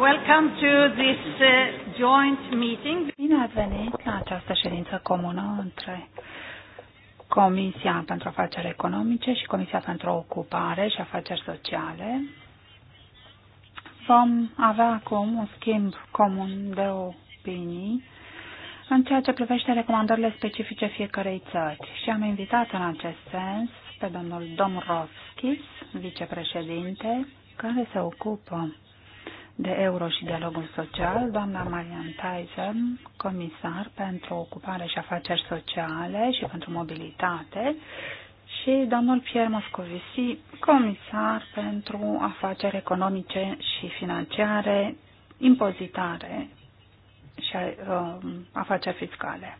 Welcome to this uh, joint meeting. Bine ați venit la această ședință comună între Comisia pentru Afaceri Economice și Comisia pentru Ocupare și Afaceri Sociale. Vom avea acum un schimb comun de opinii în ceea ce privește recomandările specifice fiecarei țări și am invitat în acest sens pe domnul Domrovskis, vicepreședinte, care se ocupă de euro și dialogul social, doamna Marian Tyson, comisar pentru ocupare și afaceri sociale și pentru mobilitate, și domnul Pierre Moscovici, comisar pentru afaceri economice și financiare, impozitare și uh, afaceri fiscale.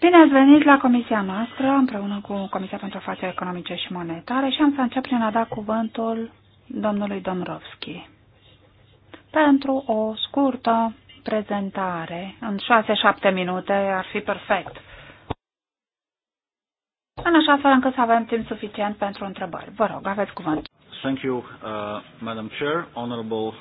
Bine ați venit la comisia noastră împreună cu Comisia pentru Afaceri Economice și Monetare și am să încep prin a da cuvântul domnului Domrovski pentru o scurtă prezentare. În 6-7 minute ar fi perfect. În așa fel încât să avem timp suficient pentru întrebări. Vă rog, aveți cuvânt. Thank you, uh, Madam Chair, honorable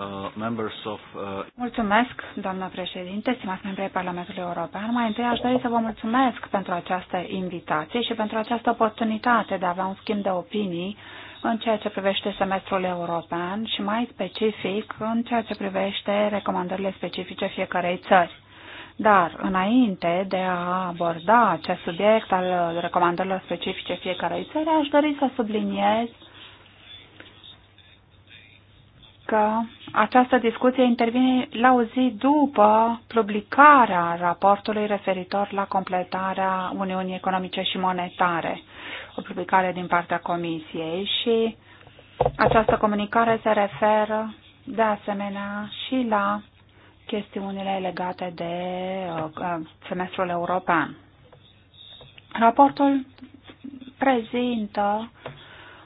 Uh, members of, uh... Mulțumesc, doamnă președinte, stimați membri ai Parlamentului European. Mai întâi aș dori să vă mulțumesc pentru această invitație și pentru această oportunitate de a avea un schimb de opinii în ceea ce privește semestrul european și mai specific în ceea ce privește recomandările specifice fiecarei țări. Dar, înainte de a aborda acest subiect al recomandărilor specifice fiecarei țări, aș dori să subliniez că această discuție intervine la o zi după publicarea raportului referitor la completarea Uniunii Economice și Monetare o publicare din partea Comisiei și această comunicare se referă de asemenea și la chestiunile legate de uh, uh, semestrul european. Raportul prezintă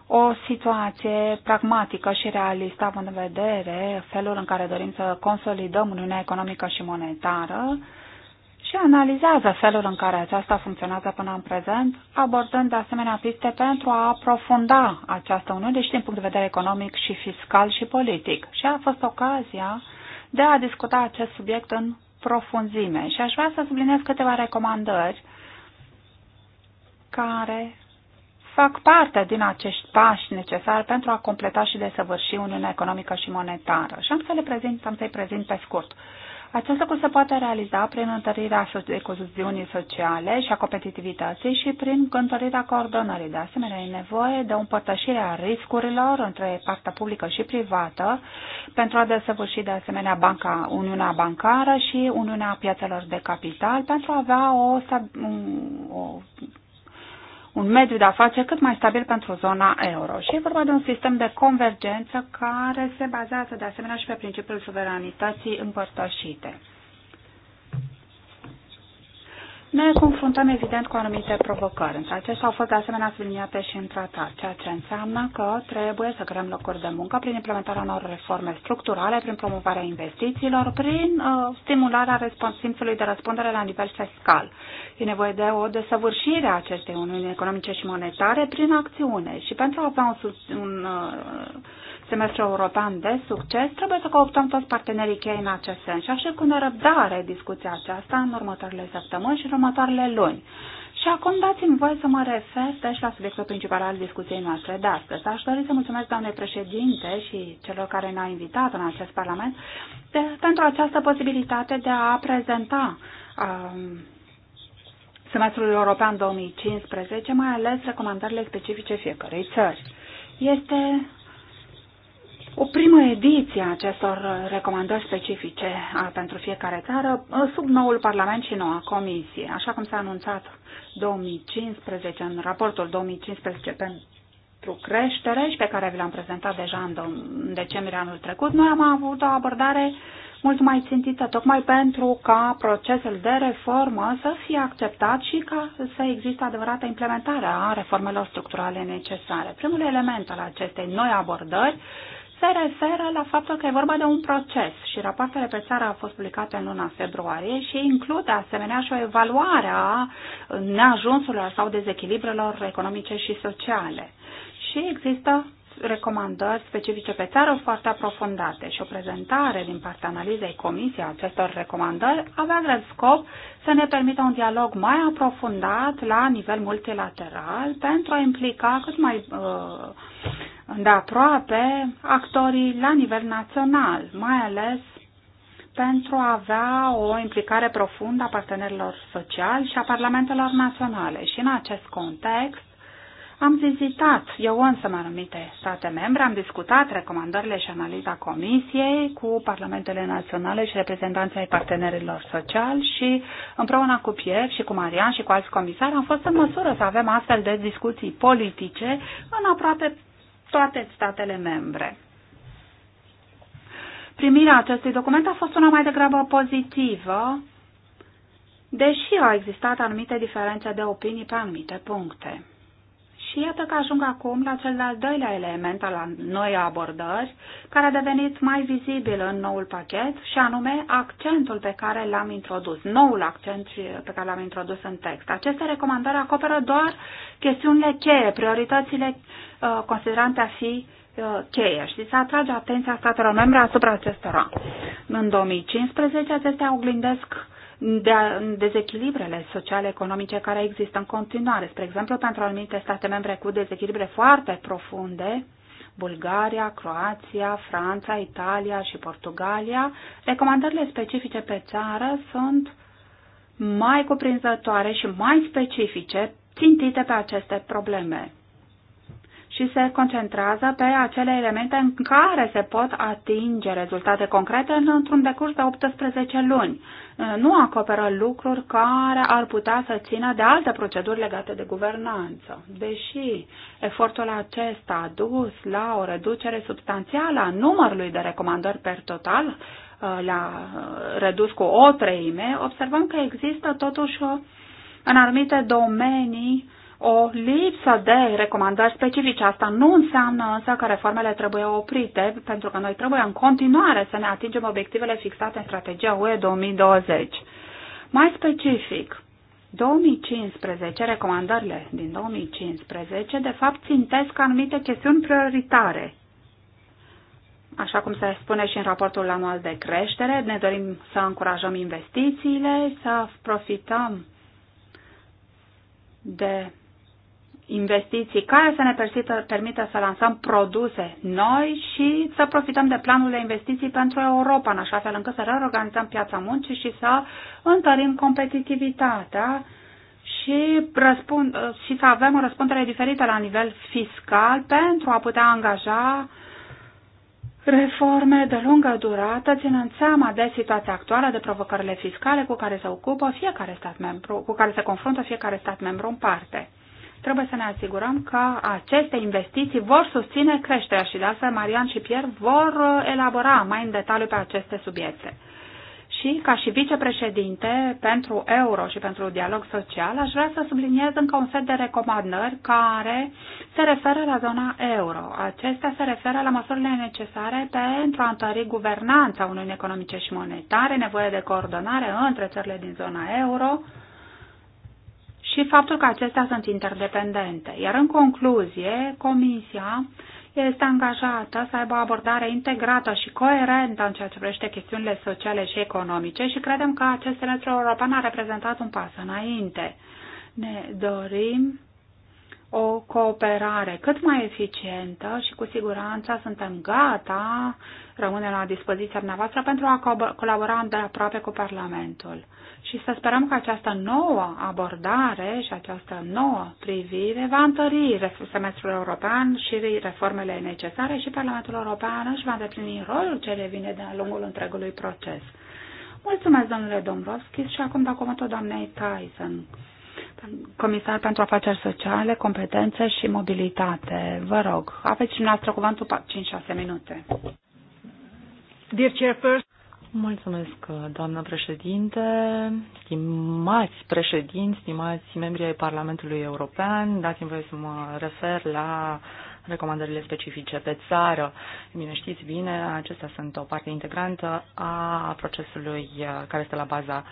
o situație pragmatică și realistă, având în vedere felul în care dorim să consolidăm Uniunea Economică și Monetară, și analizează felul în care aceasta funcționează până în prezent, abordând de asemenea piste pentru a aprofunda această uniune și din punct de vedere economic și fiscal și politic. Și a fost ocazia de a discuta acest subiect în profunzime. Și aș vrea să subliniez câteva recomandări care fac parte din acești pași necesari pentru a completa și desăvârși Uniunea Economică și Monetară. Și am să le prezint, am să-i prezint pe scurt. Acest lucru se poate realiza prin întărirea ecosiziunii sociale și a competitivității și prin întărirea coordonării. De asemenea, e nevoie de o împărtășire a riscurilor între partea publică și privată pentru a desăvârși de asemenea banca, Uniunea Bancară și Uniunea Piațelor de Capital pentru a avea o, o un mediu de afaceri cât mai stabil pentru zona euro. Și e vorba de un sistem de convergență care se bazează de asemenea și pe principiul suveranității împărtășite. Ne confruntăm evident cu anumite provocări, între acestea au fost de asemenea subliniate și în tratat, ceea ce înseamnă că trebuie să creăm locuri de muncă prin implementarea unor reforme structurale, prin promovarea investițiilor, prin uh, stimularea simțului de răspundere la nivel fiscal. E nevoie de o desăvârșire a acestei uniuni economice și monetare prin acțiune și pentru a avea un, un uh, semestru european de succes, trebuie să cooptăm toți partenerii cheie în acest sens și aștept cu nerăbdare discuția aceasta în următoarele săptămâni și în următoarele luni. Și acum dați-mi voie să mă refer deci la subiectul principal al discuției noastre de astăzi. Aș dori să mulțumesc doamnei președinte și celor care ne-au invitat în acest Parlament de, pentru această posibilitate de a prezenta um, semestrul european 2015, mai ales recomandările specifice fiecărei țări. Este o primă ediție a acestor recomandări specifice pentru fiecare țară sub noul Parlament și noua Comisie. Așa cum s-a anunțat 2015 în raportul 2015 pentru creștere și pe care vi l-am prezentat deja în decembrie anul trecut, noi am avut o abordare mult mai țintită, tocmai pentru ca procesul de reformă să fie acceptat și ca să existe adevărată implementare a reformelor structurale necesare. Primul element al acestei noi abordări se referă la faptul că e vorba de un proces și rapoartele pe țară au fost publicate în luna februarie și includ asemenea și o evaluare a neajunsurilor sau dezechilibrelor economice și sociale. Și există recomandări specifice pe țară foarte aprofundate și o prezentare din partea analizei comisiei acestor recomandări avea drept scop să ne permită un dialog mai aprofundat la nivel multilateral pentru a implica cât mai uh, îndeaproape actorii la nivel național, mai ales pentru a avea o implicare profundă a partenerilor sociali și a parlamentelor naționale. Și în acest context, am vizitat eu însă în anumite state membre, am discutat recomandările și analiza Comisiei cu parlamentele naționale și reprezentanții ai partenerilor sociali și împreună cu Pierre și cu Marian și cu alți comisari am fost în măsură să avem astfel de discuții politice în aproape toate statele membre. Primirea acestui document a fost una mai degrabă pozitivă, deși au existat anumite diferențe de opinii pe anumite puncte. Și iată că ajung acum la cel de-al doilea element al noii abordări, care a devenit mai vizibil în noul pachet, și anume accentul pe care l-am introdus, noul accent pe care l-am introdus în text. Aceste recomandări acoperă doar chestiunile cheie, prioritățile uh, considerante a fi uh, cheie și să atrage atenția statelor membre asupra acestora. În 2015 acestea oglindesc de dezechilibrele sociale-economice care există în continuare. Spre exemplu, pentru anumite state membre cu dezechilibre foarte profunde, Bulgaria, Croația, Franța, Italia și Portugalia, recomandările specifice pe țară sunt mai cuprinzătoare și mai specifice, țintite pe aceste probleme și se concentrează pe acele elemente în care se pot atinge rezultate concrete într-un decurs de 18 luni. Nu acoperă lucruri care ar putea să țină de alte proceduri legate de guvernanță. Deși efortul acesta a dus la o reducere substanțială a numărului de recomandări per total, uh, la uh, redus cu o treime, observăm că există totuși în anumite domenii o lipsă de recomandări specifice. Asta nu înseamnă însă că reformele trebuie oprite, pentru că noi trebuie în continuare să ne atingem obiectivele fixate în strategia UE 2020. Mai specific, 2015, recomandările din 2015, de fapt țintesc anumite chestiuni prioritare. Așa cum se spune și în raportul anual de creștere, ne dorim să încurajăm investițiile, să profităm de investiții care să ne persită, permită să lansăm produse noi și să profităm de planul de investiții pentru Europa, în așa fel încât să reorganizăm piața muncii și să întărim competitivitatea și, răspund, și să avem o răspundere diferită la nivel fiscal pentru a putea angaja reforme de lungă durată, ținând seama de situația actuală, de provocările fiscale cu care se ocupă fiecare stat membru, cu care se confruntă fiecare stat membru în parte. Trebuie să ne asigurăm că aceste investiții vor susține creșterea și de altfel Marian și Pierre vor uh, elabora mai în detaliu pe aceste subiecte. Și ca și vicepreședinte pentru euro și pentru dialog social, aș vrea să subliniez încă un set de recomandări care se referă la zona euro. Acestea se referă la măsurile necesare pentru a întări guvernanța unei Economice și Monetare, nevoie de coordonare între țările din zona euro, și faptul că acestea sunt interdependente. Iar în concluzie, Comisia este angajată să aibă o abordare integrată și coerentă în ceea ce privește chestiunile sociale și economice și credem că acest semestru european a reprezentat un pas înainte. Ne dorim o cooperare cât mai eficientă și cu siguranță suntem gata, rămânem la dispoziția dumneavoastră pentru a colabora de aproape cu Parlamentul și să sperăm că această nouă abordare și această nouă privire va întări semestrul european și reformele necesare și Parlamentul European își va îndeplini rolul ce le vine de-a lungul întregului proces. Mulțumesc, domnule Dombrovskis, și acum dau cuvântul doamnei Tyson, comisar pentru afaceri sociale, competențe și mobilitate. Vă rog, aveți și dumneavoastră cuvântul 5-6 minute. Dear Chairperson, Mulțumesc, doamnă președinte, stimați președinți, stimați membri ai Parlamentului European. Dați-mi voie să mă refer la recomandările specifice pe țară. Bine, știți bine, acestea sunt o parte integrantă a procesului uh, care este la baza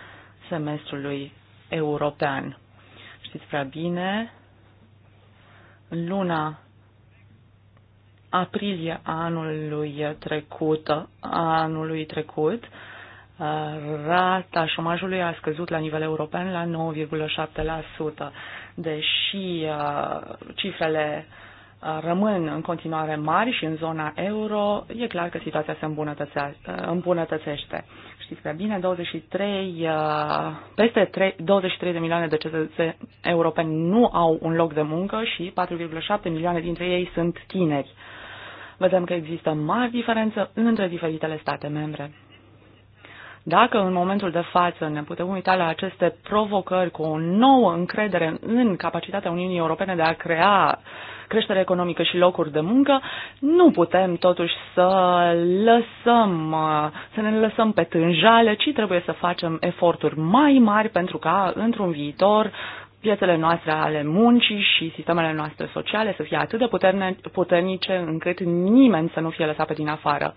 semestrului european. Știți prea bine, în luna aprilie anului trecut, anului trecut rata șomajului a scăzut la nivel european la 9,7%, deși uh, cifrele uh, rămân în continuare mari și în zona euro, e clar că situația se uh, îmbunătățește. Știți prea bine, 23, peste 3, 23 de milioane de cetățeni europeni nu au un loc de muncă și 4,7 milioane dintre ei sunt tineri vedem că există mari diferențe între diferitele state membre. Dacă în momentul de față ne putem uita la aceste provocări cu o nouă încredere în capacitatea Uniunii Europene de a crea creștere economică și locuri de muncă, nu putem totuși să lăsăm, să ne lăsăm pe tânjale, ci trebuie să facem eforturi mai mari pentru ca într-un viitor piețele noastre ale muncii și sistemele noastre sociale să fie atât de puterne, puternice încât nimeni să nu fie lăsat pe din afară.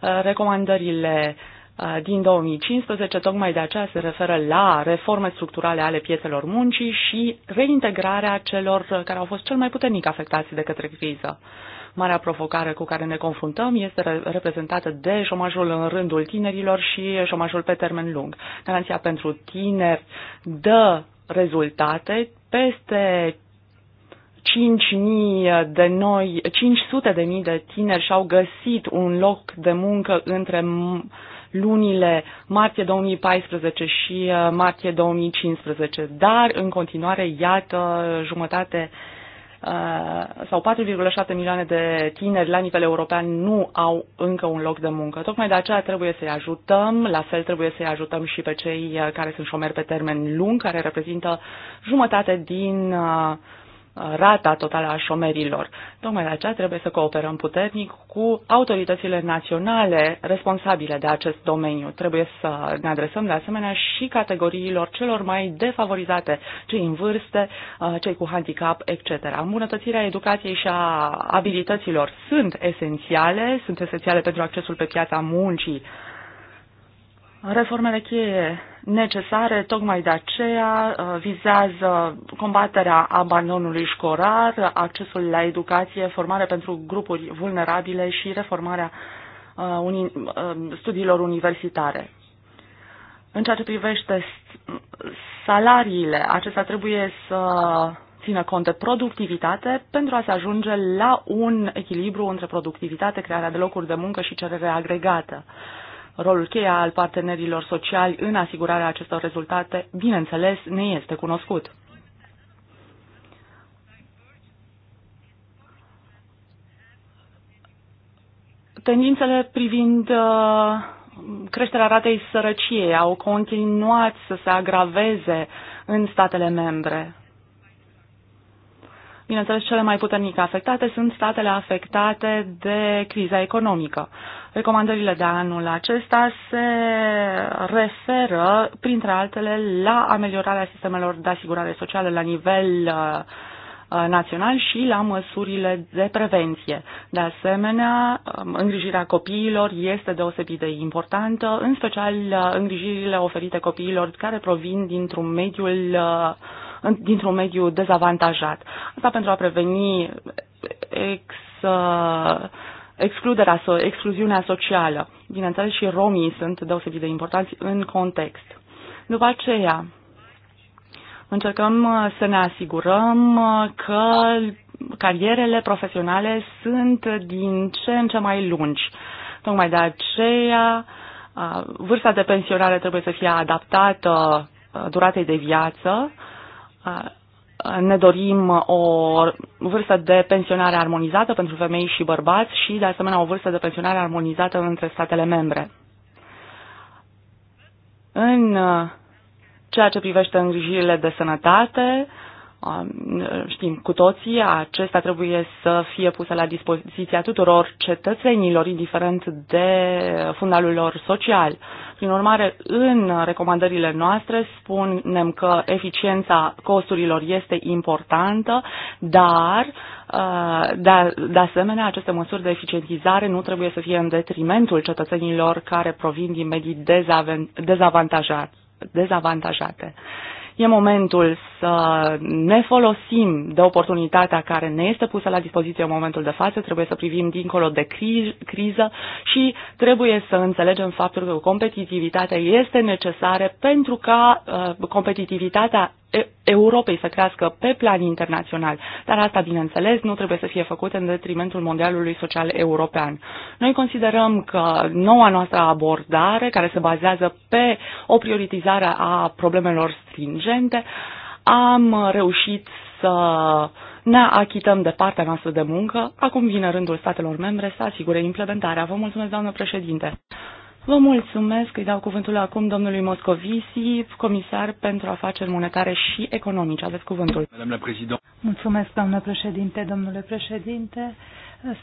Uh, recomandările uh, din 2015 tocmai de aceea se referă la reforme structurale ale piețelor muncii și reintegrarea celor care au fost cel mai puternic afectați de către criză. Marea provocare cu care ne confruntăm este reprezentată de șomajul în rândul tinerilor și șomajul pe termen lung. Garanția pentru tineri dă rezultate. Peste 5.000 de noi, 500 de mii de tineri și-au găsit un loc de muncă între lunile martie 2014 și uh, martie 2015, dar în continuare, iată, jumătate uh, Uh, sau 4,7 milioane de tineri la nivel european nu au încă un loc de muncă. Tocmai de aceea trebuie să-i ajutăm, la fel trebuie să-i ajutăm și pe cei uh, care sunt șomeri pe termen lung, care reprezintă jumătate din uh, rata totală a șomerilor. Tocmai de aceea trebuie să cooperăm puternic cu autoritățile naționale responsabile de acest domeniu. Trebuie să ne adresăm de asemenea și categoriilor celor mai defavorizate, cei în vârste, uh, cei cu handicap, etc. Îmbunătățirea educației și a abilităților sunt esențiale, sunt esențiale pentru accesul pe piața muncii. Reformele cheie necesare, tocmai de aceea uh, vizează combaterea abandonului școlar, accesul la educație, formare pentru grupuri vulnerabile și reformarea uh, uh, studiilor universitare. În ceea ce privește salariile, acesta trebuie să țină cont de productivitate pentru a se ajunge la un echilibru între productivitate, crearea de locuri de muncă și cererea agregată. Uh, Rolul cheia al partenerilor sociali în asigurarea acestor rezultate, bineînțeles, ne este cunoscut. Tendințele privind uh, creșterea ratei sărăciei au continuat să se agraveze în statele membre. Bineînțeles, cele mai puternic afectate sunt statele afectate de criza economică. Recomandările de anul acesta se referă, printre altele, la ameliorarea sistemelor de asigurare socială la nivel uh, uh, național și la măsurile de prevenție. De asemenea, um, îngrijirea copiilor este deosebit de importantă, în special uh, îngrijirile oferite copiilor care provin dintr-un mediul uh, dintr-un mediu dezavantajat. Asta pentru a preveni ex, uh, excluderea, excluziunea socială. Bineînțeles, și romii sunt deosebit de importanți în context. După aceea, încercăm uh, să ne asigurăm uh, că carierele profesionale sunt din ce în ce mai lungi. Tocmai de aceea, vârsta de pensionare trebuie să fie adaptată duratei de viață ne dorim o vârstă de pensionare armonizată pentru femei și bărbați și, de asemenea, o vârstă de pensionare armonizată între statele membre. În uh, ceea ce privește îngrijirile de sănătate, Știm cu toții, acesta trebuie să fie pusă la dispoziția tuturor cetățenilor, indiferent de fundalul lor social. Prin urmare, în recomandările noastre spunem că eficiența costurilor este importantă, dar uh, de, de asemenea, aceste măsuri de eficientizare nu trebuie să fie în detrimentul cetățenilor care provin din medii dezavantajate. E momentul să ne folosim de oportunitatea care ne este pusă la dispoziție în momentul de față, trebuie să privim dincolo de cri- criză și trebuie să înțelegem faptul că competitivitatea este necesară pentru ca uh, competitivitatea Europei să crească pe plan internațional, dar asta, bineînțeles, nu trebuie să fie făcut în detrimentul mondialului social european. Noi considerăm că noua noastră abordare, care se bazează pe o prioritizare a problemelor stringente, am reușit să ne achităm de partea noastră de muncă. Acum vine rândul statelor membre să asigure implementarea. Vă mulțumesc, doamnă președinte. Vă mulțumesc, îi dau cuvântul acum domnului Moscovici, comisar pentru afaceri monetare și economice. Aveți cuvântul. Mulțumesc, doamnă președinte, domnule președinte,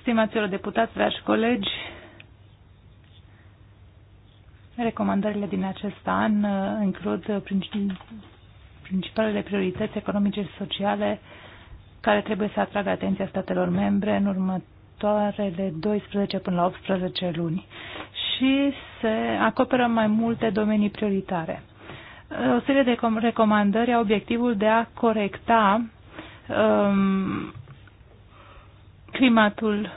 stimaților deputați, dragi colegi. Recomandările din acest an uh, includ principalele priorități economice și sociale care trebuie să atragă atenția statelor membre în următoarele 12 până la 18 luni și se acoperă mai multe domenii prioritare. O serie de recomandări au obiectivul de a corecta um, climatul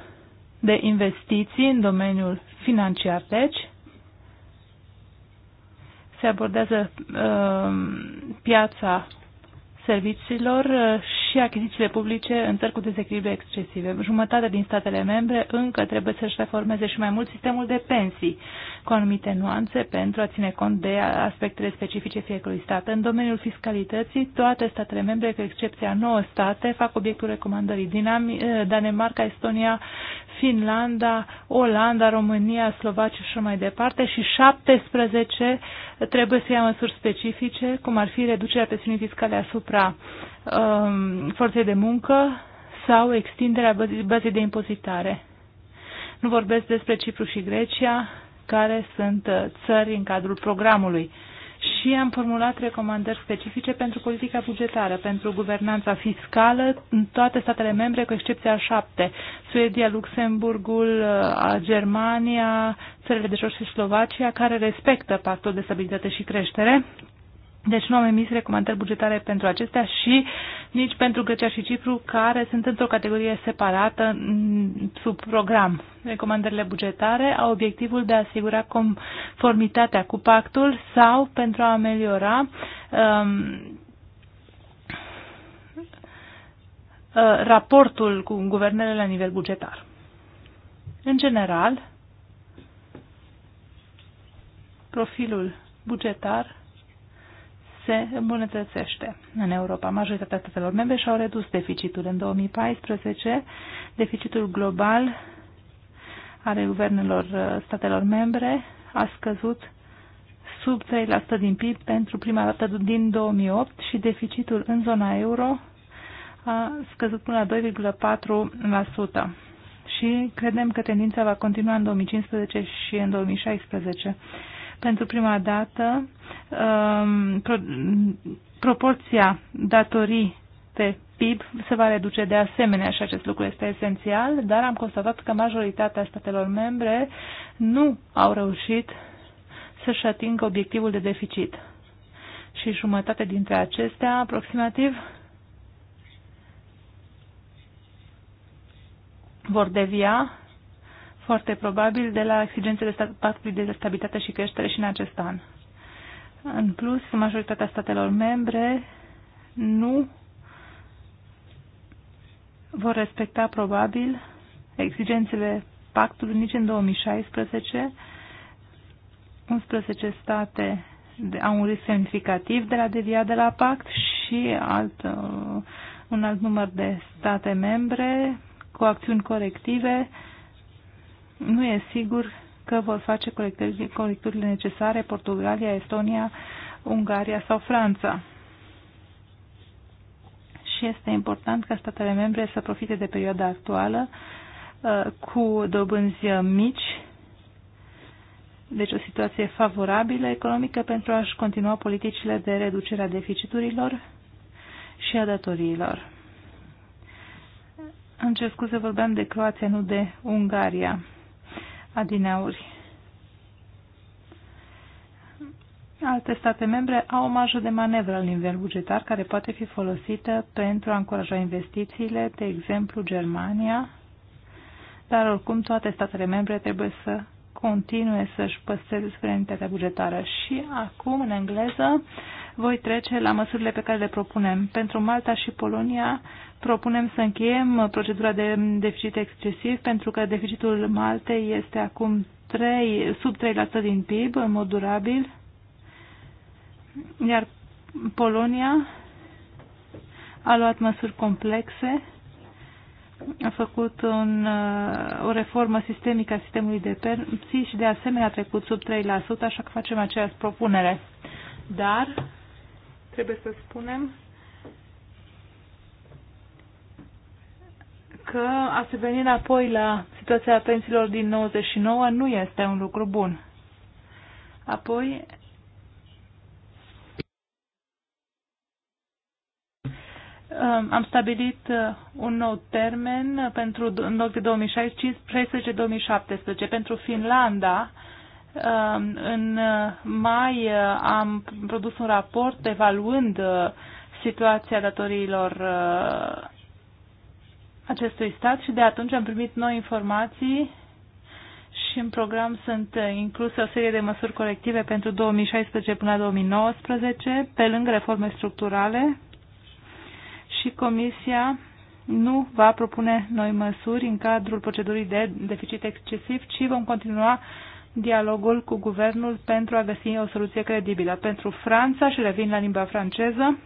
de investiții în domeniul financiar, deci se abordează um, piața serviciilor uh, și achizițiile publice în țări cu dezechilibre excesive. Jumătate din statele membre încă trebuie să-și reformeze și mai mult sistemul de pensii, cu anumite nuanțe pentru a ține cont de aspectele specifice fiecărui stat. În domeniul fiscalității, toate statele membre, cu excepția 9 state, fac obiectul recomandării. Dinam uh, Danemarca, Estonia, Finlanda, Olanda, România, Slovacia și mai departe și 17 trebuie să ia măsuri specifice, cum ar fi reducerea presiunii fiscale asupra um, forței de muncă sau extinderea bazei de impozitare. Nu vorbesc despre Cipru și Grecia, care sunt uh, țări în cadrul programului și am formulat recomandări specifice pentru politica bugetară, pentru guvernanța fiscală în toate statele membre, cu excepția șapte, Suedia, Luxemburgul, uh, Germania, țările de jos și Slovacia, care respectă pactul de stabilitate și creștere, deci nu am emis recomandări bugetare pentru acestea și nici pentru Grecia și Cipru, care sunt într-o categorie separată mm, sub program. Recomandările bugetare au obiectivul de a asigura conformitatea cu pactul sau pentru a ameliora um, uh, raportul cu guvernele la nivel bugetar. În general, profilul bugetar se îmbunătățește în Europa. Majoritatea statelor membre și-au redus deficitul. În 2014, deficitul global ale guvernelor uh, statelor membre a scăzut sub 3% din PIB pentru prima dată din 2008 și deficitul în zona euro a scăzut până la 2,4% și credem că tendința va continua în 2015 și în 2016 pentru prima dată um, pro, proporția datorii pe PIB se va reduce de asemenea și acest lucru este esențial, dar am constatat că majoritatea statelor membre nu au reușit să-și atingă obiectivul de deficit. Și jumătate dintre acestea, aproximativ, vor devia foarte probabil de la exigențele pactului de stabilitate și creștere și în acest an. În plus, majoritatea statelor membre nu vor respecta probabil exigențele pactului nici în 2016. 11 state au un risc semnificativ de la devia de la pact și alt, uh, un alt număr de state membre cu acțiuni corective uh, nu e sigur că vor face corecturile colecturile necesare Portugalia, Estonia, Ungaria sau Franța. Și este important ca statele membre să profite de perioada actuală uh, cu dobânzi mici, deci o situație favorabilă economică pentru a-și continua politicile de reducere a deficiturilor și a datoriilor. Am cer scuze, vorbeam de Croația, nu de Ungaria adineauri. Alte state membre au o marjă de manevră la nivel bugetar care poate fi folosită pentru a încuraja investițiile, de exemplu Germania, dar oricum toate statele membre trebuie să continue să-și păstreze suverenitatea bugetară. Și acum, în engleză, voi trece la măsurile pe care le propunem. Pentru Malta și Polonia propunem să încheiem procedura de deficit excesiv pentru că deficitul Maltei este acum 3, sub 3% din PIB în mod durabil, iar Polonia a luat măsuri complexe, a făcut un, uh, o reformă sistemică a sistemului de pensii și de asemenea a trecut sub 3%, așa că facem aceeași propunere. Dar trebuie să spunem că a se veni înapoi la situația pensiilor din 99 nu este un lucru bun. Apoi, um, am stabilit uh, un nou termen pentru, în loc de 2016, 2017. Pentru Finlanda Um, în uh, mai uh, am produs un raport evaluând uh, situația datoriilor acestui stat și de atunci am primit noi informații și în program sunt incluse o serie de măsuri colective pentru 2016 până 2019, pe lângă reforme structurale și Comisia nu va propune noi măsuri în cadrul procedurii de deficit excesiv, ci vom continua dialogul cu guvernul pentru a găsi o soluție credibilă. Pentru Franța, și revin la limba franceză,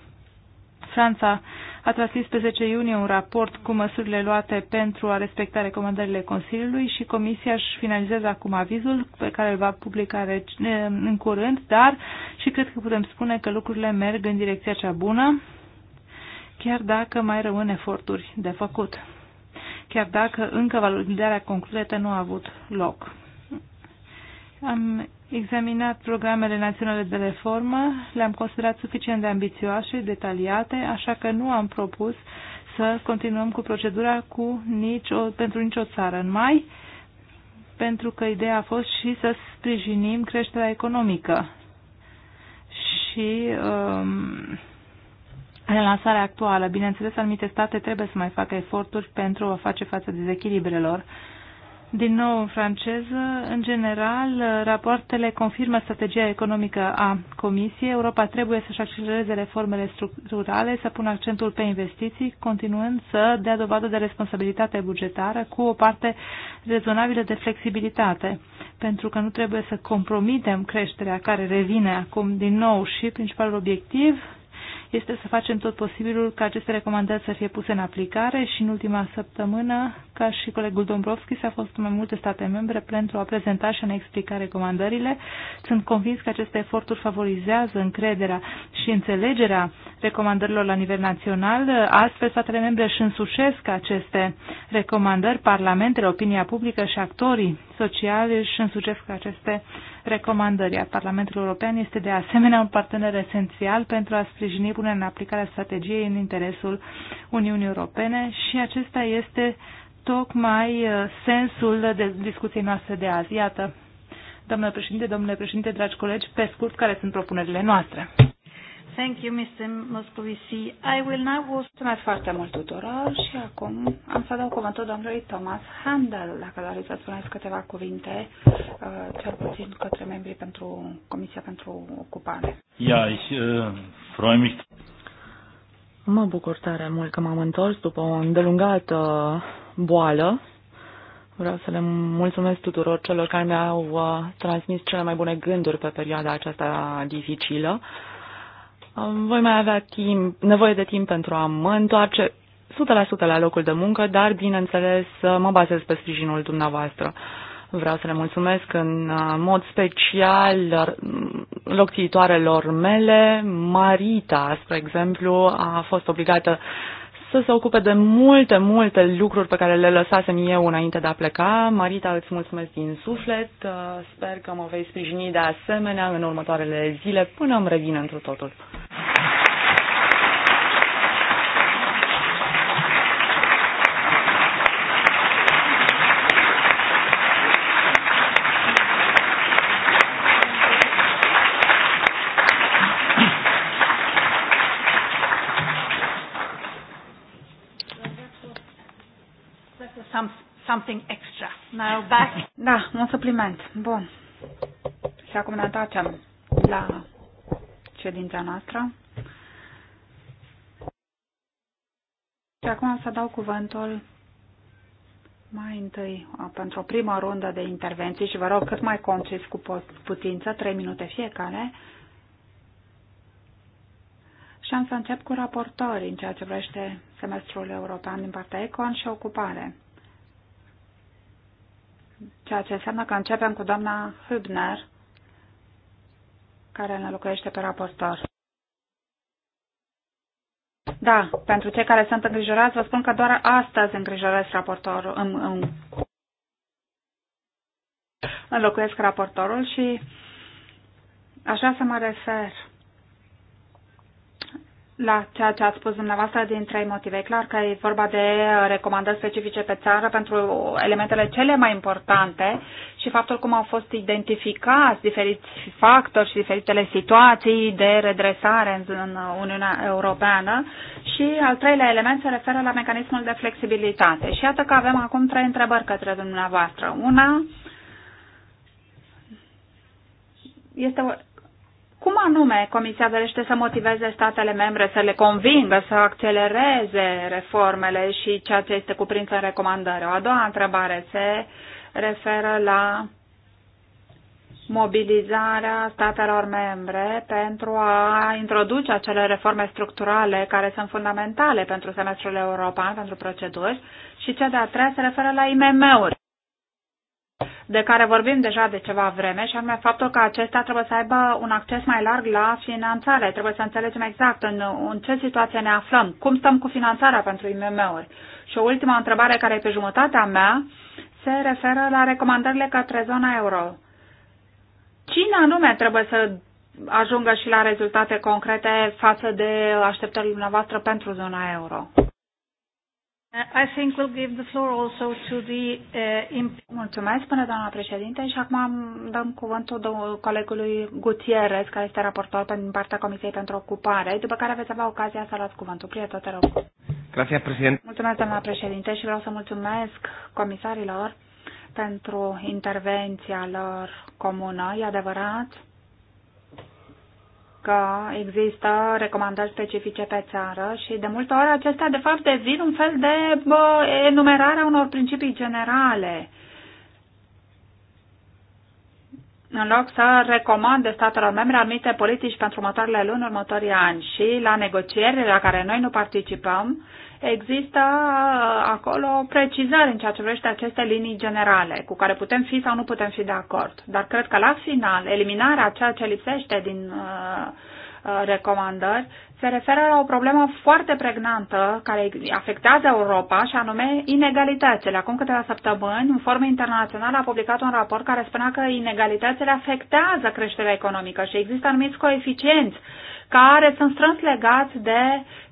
Franța a transmis pe 10 iunie un raport cu măsurile luate pentru a respecta recomandările Consiliului și Comisia își finalizează acum avizul pe care îl va publica în curând, dar și cred că putem spune că lucrurile merg în direcția cea bună, chiar dacă mai rămân eforturi de făcut, chiar dacă încă validarea concretă nu a avut loc. Am examinat programele naționale de reformă, le-am considerat suficient de ambițioase, detaliate, așa că nu am propus să continuăm cu procedura cu nicio, pentru nicio țară în mai, pentru că ideea a fost și să sprijinim creșterea economică și um, relansarea actuală. Bineînțeles, anumite state trebuie să mai facă eforturi pentru a face față dezechilibrelor. Din nou în franceză, în general, rapoartele confirmă strategia economică a Comisiei. Europa trebuie să-și accelereze reformele structurale, să pună accentul pe investiții, continuând să dea dovadă de responsabilitate bugetară cu o parte rezonabilă de flexibilitate, pentru că nu trebuie să compromitem creșterea care revine acum din nou și principalul obiectiv este să facem tot posibilul ca aceste recomandări să fie puse în aplicare și în ultima săptămână, ca și colegul Dombrovski, s-a fost mai multe state membre pentru a prezenta și a ne explica recomandările. Sunt convins că aceste eforturi favorizează încrederea și înțelegerea recomandărilor la nivel național. Astfel, statele membre își însușesc aceste recomandări, parlamentele, opinia publică și actorii sociali își însușesc aceste recomandării a Parlamentului European este de asemenea un partener esențial pentru a sprijini punerea în aplicarea strategiei în interesul Uniunii Europene și acesta este tocmai uh, sensul de discuției noastre de azi. Iată, domnule președinte, domnule președinte, dragi colegi, pe scurt, care sunt propunerile noastre. Thank you, Mr. Moscovici. I will now... my foarte mult tuturor și acum am să dau cuvântul domnului Thomas Handel, dacă doriți să spuneți câteva cuvinte, uh, cel puțin către membrii pentru Comisia pentru Ocupare. Ia, ich äh, freue mich. Mă bucur tare mult că m-am întors după o îndelungată boală. Vreau să le mulțumesc tuturor celor care mi-au uh, transmis cele mai bune gânduri pe perioada aceasta dificilă. Uh, voi mai avea timp, nevoie de timp pentru a mă întoarce 100% la locul de muncă, dar, bineînțeles, mă bazez pe sprijinul dumneavoastră. Vreau să le mulțumesc în uh, mod special uh, locțiitoarelor mele. Marita, spre exemplu, a fost obligată să se ocupe de multe, multe lucruri pe care le lăsasem eu înainte de a pleca. Marita, îți mulțumesc din suflet. Uh, sper că mă vei sprijini de asemenea în următoarele zile până îmi revin într totul. something extra. Now back. Da, un supliment. Bun. Și acum ne întoarcem la ședința noastră. Și acum o să dau cuvântul mai întâi pentru o primă rundă de intervenții și vă rog cât mai concis cu putință, trei minute fiecare. Și am să încep cu raportori în ceea ce vrește semestrul european din partea Econ și ocupare ceea ce înseamnă că începem cu doamna Hübner, care ne locuiește pe raportor. Da, pentru cei care sunt îngrijorați, vă spun că doar astăzi îngrijorez raportorul, În, în, înlocuiesc raportorul și așa să mă refer la ceea ce ați spus dumneavoastră din trei motive. E clar că e vorba de recomandări specifice pe țară pentru elementele cele mai importante și faptul cum au fost identificați diferiți factori și diferitele situații de redresare în Uniunea Europeană și al treilea element se referă la mecanismul de flexibilitate. Și iată că avem acum trei întrebări către dumneavoastră. Una este cum anume Comisia dorește să motiveze statele membre să le convingă să accelereze reformele și ceea ce este cuprins în recomandare? O a doua întrebare se referă la mobilizarea statelor membre pentru a introduce acele reforme structurale care sunt fundamentale pentru semestrul european, pentru proceduri și cea de-a treia se referă la IMM-uri de care vorbim deja de ceva vreme, și anume faptul că acestea trebuie să aibă un acces mai larg la finanțare. Trebuie să înțelegem exact în, în ce situație ne aflăm, cum stăm cu finanțarea pentru IMM-uri. Și o ultima întrebare care e pe jumătatea mea se referă la recomandările către zona euro. Cine anume trebuie să ajungă și la rezultate concrete față de așteptările dumneavoastră pentru zona euro? I think we'll give the floor also to the... Uh, Mulțumesc, până doamna președinte, și acum dăm cuvântul colegului Gutierrez, care este raportor din partea Comisiei pentru Ocupare, după care veți avea ocazia să luați cuvântul. Prietă, te rog. Gracias, președinte. Mulțumesc, doamna președinte, și vreau să mulțumesc comisarilor pentru intervenția lor comună. E adevărat că există recomandări specifice pe țară și de multe ori acestea de fapt devin un fel de bă, enumerare a unor principii generale. În loc să recomande statelor membre anumite politici pentru următoarele luni, următorii ani și la negocierile la care noi nu participăm, uh, există uh, acolo precizări în ceea ce vrește aceste linii generale, cu care putem fi sau nu putem fi de acord. Dar cred că la final, eliminarea ceea ce lipsește din uh, uh, recomandări se referă la o problemă foarte pregnantă care afectează Europa și anume inegalitățile. Acum câteva săptămâni, un forum internațional a publicat un raport care spunea că inegalitățile afectează creșterea economică și există anumiți coeficienți care sunt strâns legați de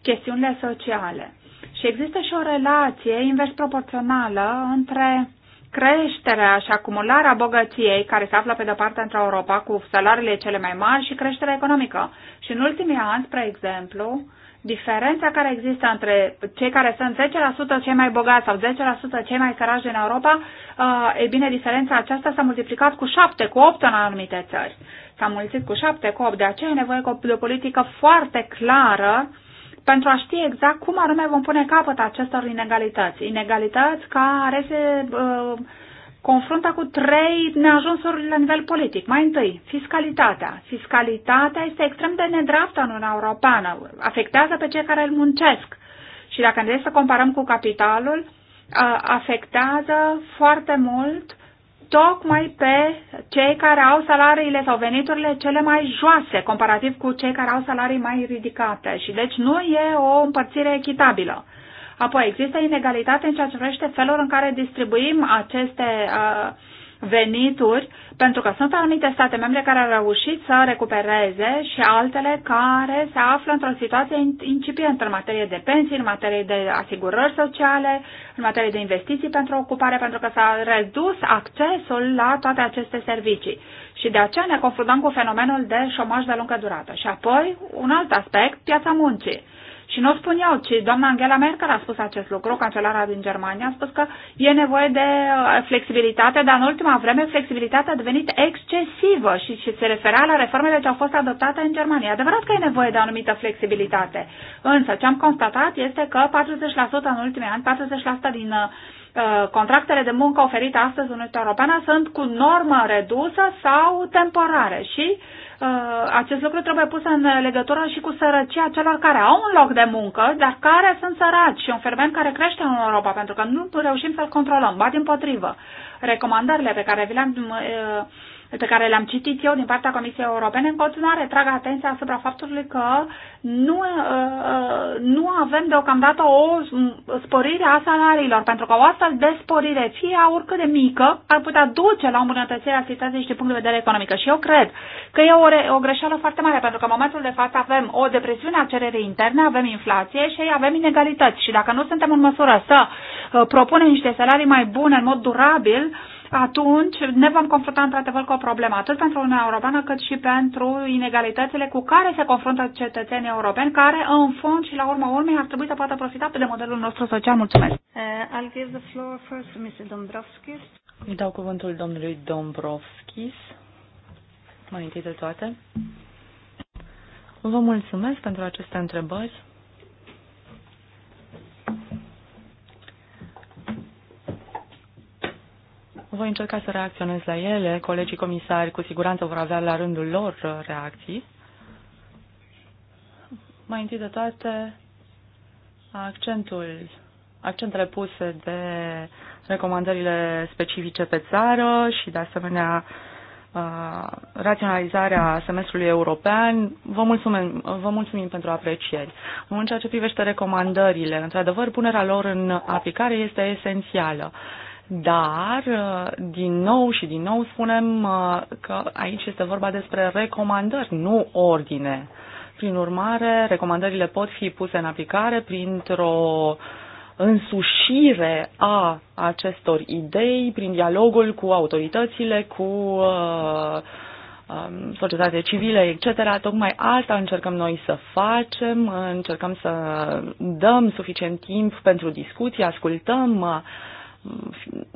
chestiunile sociale. Și există și o relație invers proporțională între creșterea și acumularea bogăției care se află pe de parte între Europa cu salariile cele mai mari și creșterea economică. Și în ultimii ani, spre exemplu, diferența care există între cei care sunt 10% cei mai bogați sau 10% cei mai săraci din Europa, uh, e bine, diferența aceasta s-a multiplicat cu 7, cu 8 în anumite țări. S-a mulțit cu 7, cu 8, de aceea e nevoie de o politică foarte clară uh, pentru a ști exact cum anume vom pune capăt acestor inegalități. Inegalități care se uh, confruntă cu trei neajunsuri la nivel politic. Mai întâi, fiscalitatea. Fiscalitatea este extrem de nedreaptă în Uniunea Europeană. Afectează pe cei care îl muncesc. Și dacă ne să comparăm cu capitalul, uh, afectează foarte mult tocmai pe cei care au salariile sau veniturile cele mai joase comparativ cu cei care au salarii mai ridicate și deci nu e o împărțire echitabilă. Apoi există inegalitate în ceea ce privește felul în care distribuim aceste uh, venituri, pentru că sunt anumite state membre care au reușit să recupereze și altele care se află într-o situație incipientă în materie de pensii, în materie de asigurări sociale, în materie de investiții pentru ocupare, pentru că s-a redus accesul la toate aceste servicii. Și de aceea ne confruntăm cu fenomenul de șomaj de lungă durată. Și apoi, un alt aspect, piața muncii și nu o spun eu, ci doamna Angela Merkel a spus acest lucru, cancelara din Germania a spus că e nevoie de uh, flexibilitate, dar în ultima vreme flexibilitatea a devenit excesivă și, și se referea la reformele ce au fost adoptate în Germania. Adevărat că e nevoie de anumită flexibilitate, însă ce am constatat este că 40% în ultimii ani, 40% din uh, contractele de muncă oferite astăzi în Uniunea Europeană sunt cu normă redusă sau temporare și uh, Uh, acest lucru trebuie pus în legătură și cu sărăcia celor care au un loc de muncă, dar care sunt săraci și un ferment care crește în Europa, pentru că nu reușim să-l controlăm, ba din potrivă. Recomandările pe care vi le-am uh, pe care le-am citit eu din partea Comisiei Europene, în continuare trag atenția asupra faptului că nu, uh, uh, nu avem deocamdată o sporire a salariilor, pentru că o astfel de sporire, fie oricât de mică, ar putea duce la îmbunătățirea situației și din punct de vedere economică. Și eu cred că e o, o greșeală foarte mare, pentru că în momentul de față avem o depresiune a cererii interne, avem inflație și avem inegalități. Și dacă nu suntem în măsură să uh, propunem niște salarii mai bune în mod durabil, atunci ne vom confrunta într-adevăr cu o problemă, atât pentru Uniunea Europeană, cât și pentru inegalitățile cu care se confruntă cetățenii europeni, care, în fond și la urma urmei, ar trebui să poată profita de modelul nostru social. Mulțumesc! Uh, I'll give the floor first to Mr. Dombrovskis. Îi dau cuvântul domnului Dombrovskis, mai întâi de toate. Vă mulțumesc pentru aceste întrebări. Voi încerca să reacționez la ele. Colegii comisari cu siguranță vor avea la rândul lor reacții. Mai întâi de toate, accentul, accentele puse de recomandările specifice pe țară și, de asemenea, raționalizarea semestrului european. Vă mulțumim, vă mulțumim pentru aprecieri. În ceea ce privește recomandările, într-adevăr, punerea lor în aplicare este esențială. Dar, uh, din nou și din nou spunem uh, că aici este vorba despre recomandări, nu ordine. Prin urmare, recomandările pot fi puse în aplicare printr-o însușire a acestor idei prin dialogul cu autoritățile, cu uh, um, societate civile, etc. Tocmai asta încercăm noi să facem, încercăm să dăm suficient timp pentru discuții, ascultăm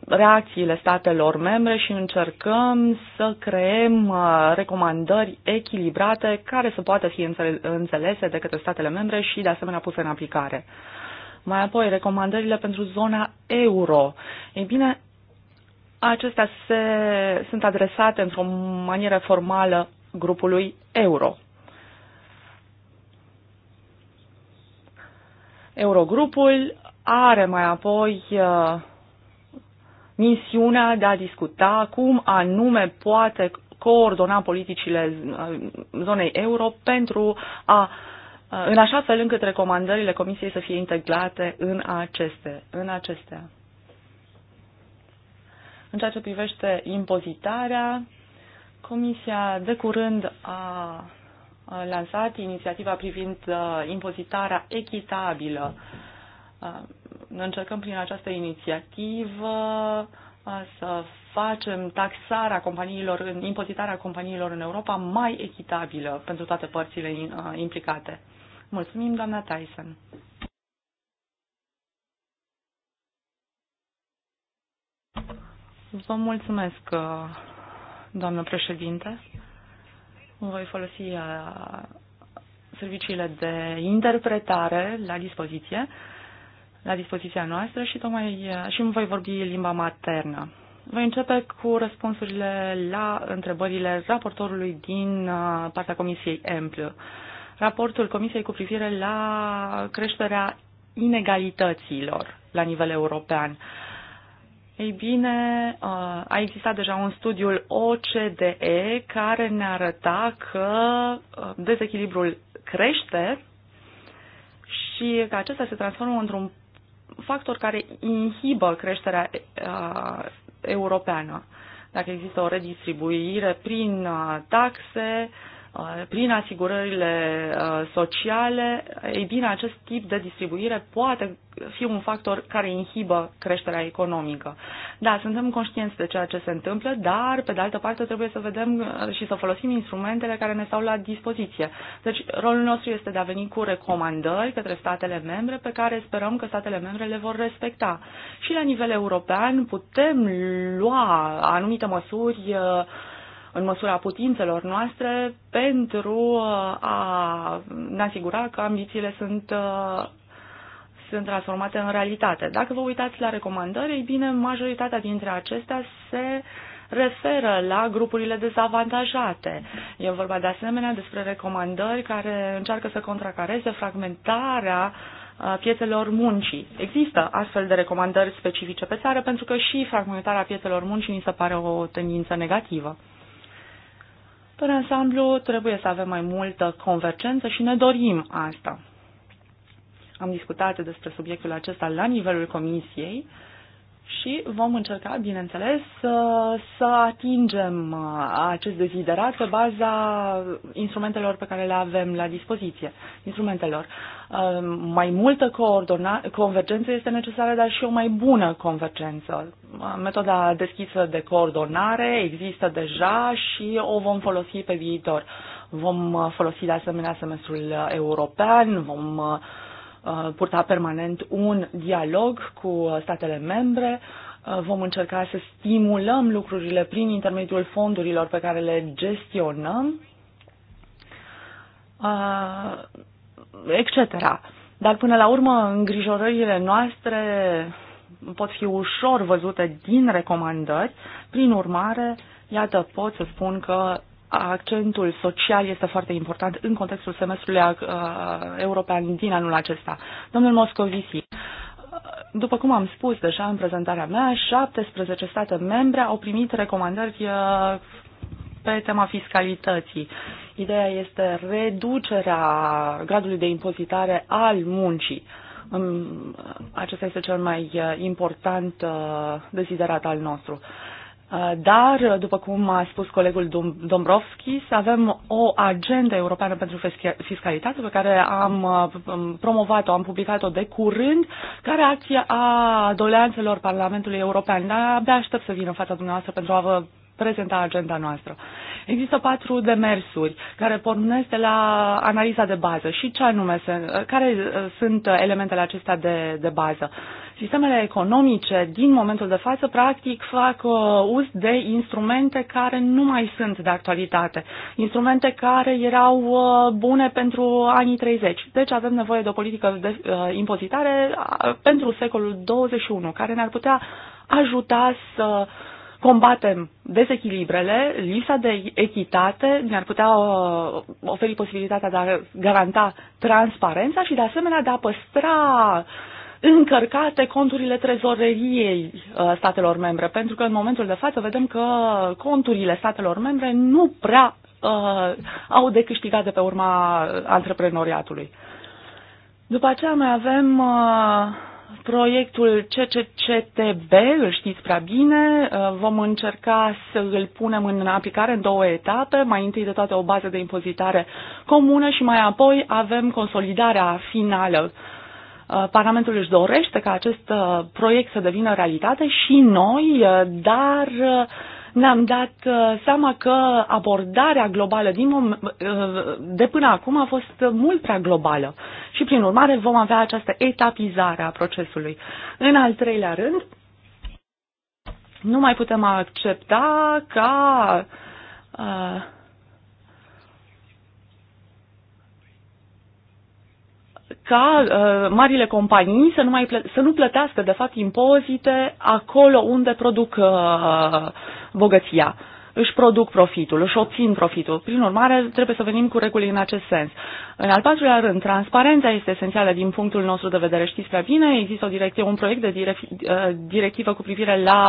reacțiile statelor membre și încercăm să creăm uh, recomandări echilibrate care să poată fi înțelese de către statele membre și de asemenea puse în aplicare. Mai apoi, recomandările pentru zona euro. Ei bine, acestea se, sunt adresate într-o manieră formală grupului euro. Eurogrupul are mai apoi uh, misiunea de a discuta cum anume poate coordona politicile uh, zonei euro pentru a uh, în așa fel încât recomandările Comisiei să fie integrate în, aceste, în acestea. În ceea ce privește impozitarea, Comisia de curând a lansat inițiativa privind uh, impozitarea echitabilă încercăm prin această inițiativă uh, să facem taxarea companiilor, impozitarea companiilor în Europa mai echitabilă pentru toate părțile uh, implicate. Mulțumim, doamna Tyson. Vă mulțumesc, uh, doamnă președinte. Voi folosi serviciile de interpretare la dispoziție la dispoziția noastră și tocmai uh, și îmi voi vorbi limba maternă. Voi începe cu răspunsurile la întrebările raportorului din uh, partea Comisiei Emplu. Raportul Comisiei cu privire la creșterea inegalităților la nivel european. Ei bine, uh, a existat deja un studiul OCDE care ne arăta că dezechilibrul crește și că acesta se transformă într-un factori care inhibă creșterea uh, europeană. Dacă există o redistribuire prin uh, taxe, Uh, prin asigurările uh, sociale, ei bine, acest tip de distribuire poate fi un factor care inhibă creșterea economică. Da, suntem conștienți de ceea ce se întâmplă, dar, pe de altă parte, trebuie să vedem uh, și să folosim instrumentele care ne stau la dispoziție. Deci, rolul nostru este de a veni cu recomandări către statele membre pe care sperăm că statele membre le vor respecta. Și la nivel european putem lua anumite măsuri uh, în măsura putințelor noastre pentru uh, a ne asigura că ambițiile sunt uh, sunt transformate în realitate. Dacă vă uitați la recomandări, ei bine, majoritatea dintre acestea se referă la grupurile dezavantajate. E vorba de asemenea despre recomandări care încearcă să contracareze fragmentarea uh, piețelor muncii. Există astfel de recomandări specifice pe țară pentru că și fragmentarea piețelor muncii mi se pare o tendință negativă. Pe ansamblu trebuie să avem mai multă convergență și ne dorim asta. Am discutat despre subiectul acesta la nivelul comisiei și vom încerca, bineînțeles, să, să atingem uh, acest deziderat pe baza instrumentelor pe care le avem la dispoziție, instrumentelor. Uh, mai multă convergență este necesară, dar și o mai bună convergență. Uh, metoda deschisă de coordonare există deja și o vom folosi pe viitor. Vom folosi de asemenea semestrul european, vom uh, Uh, purta permanent un dialog cu statele membre. Uh, vom încerca să stimulăm lucrurile prin intermediul fondurilor pe care le gestionăm, uh, etc. Dar până la urmă, îngrijorările noastre pot fi ușor văzute din recomandări. Prin urmare, iată, pot să spun că accentul social este foarte important în contextul semestrului uh, european din anul acesta. Domnul Moscovici, după cum am spus deja în prezentarea mea, 17 state membre au primit recomandări uh, pe tema fiscalității. Ideea este reducerea gradului de impozitare al muncii. Acesta este cel mai uh, important deziderat al nostru. Uh, dar, după cum a spus colegul Dombrovskis, avem o agendă europeană pentru fiscalitate pe care uh, am promovat-o, am publicat-o de curând, care reacție a doleanțelor Parlamentului European. Dar abia aștept să vin în fața dumneavoastră pentru a vă prezenta agenda noastră. Există patru demersuri care pornesc de la analiza de bază. Și ce anume, care uh, sunt elementele acestea de, de bază? Sistemele economice din momentul de față practic fac uh, uz de instrumente care nu mai sunt de actualitate, instrumente care erau uh, bune pentru anii 30. Deci avem nevoie de o politică de uh, impozitare uh, pentru secolul 21 care ne-ar putea ajuta să combatem dezechilibrele, lipsa de echitate, ne-ar putea uh, oferi posibilitatea de a garanta transparența și de asemenea de a păstra uh, încărcate conturile trezoreriei uh, statelor membre, pentru că în momentul de față vedem că conturile statelor membre nu prea uh, au de câștigat de pe urma antreprenoriatului. După aceea mai avem uh, proiectul CCCTB, îl știți prea bine, uh, vom încerca să îl punem în aplicare în două etape, mai întâi de toate o bază de impozitare comună și mai apoi avem consolidarea finală Uh, Parlamentul își dorește ca acest uh, proiect să devină realitate și noi, uh, dar ne-am dat seama că abordarea globală din de până acum a fost mult prea globală și, prin urmare, vom avea această etapizare a procesului. În al treilea rând, nu mai putem accepta ca uh, ca uh, marile companii să nu, mai plă- să nu plătească, de fapt, impozite acolo unde produc uh, bogăția. Își produc profitul, își obțin profitul. Prin urmare, trebuie să venim cu reguli în acest sens. În al patrulea rând, transparența este esențială din punctul nostru de vedere. Știți prea bine, există o directivă, un proiect de direc- uh, directivă cu privire la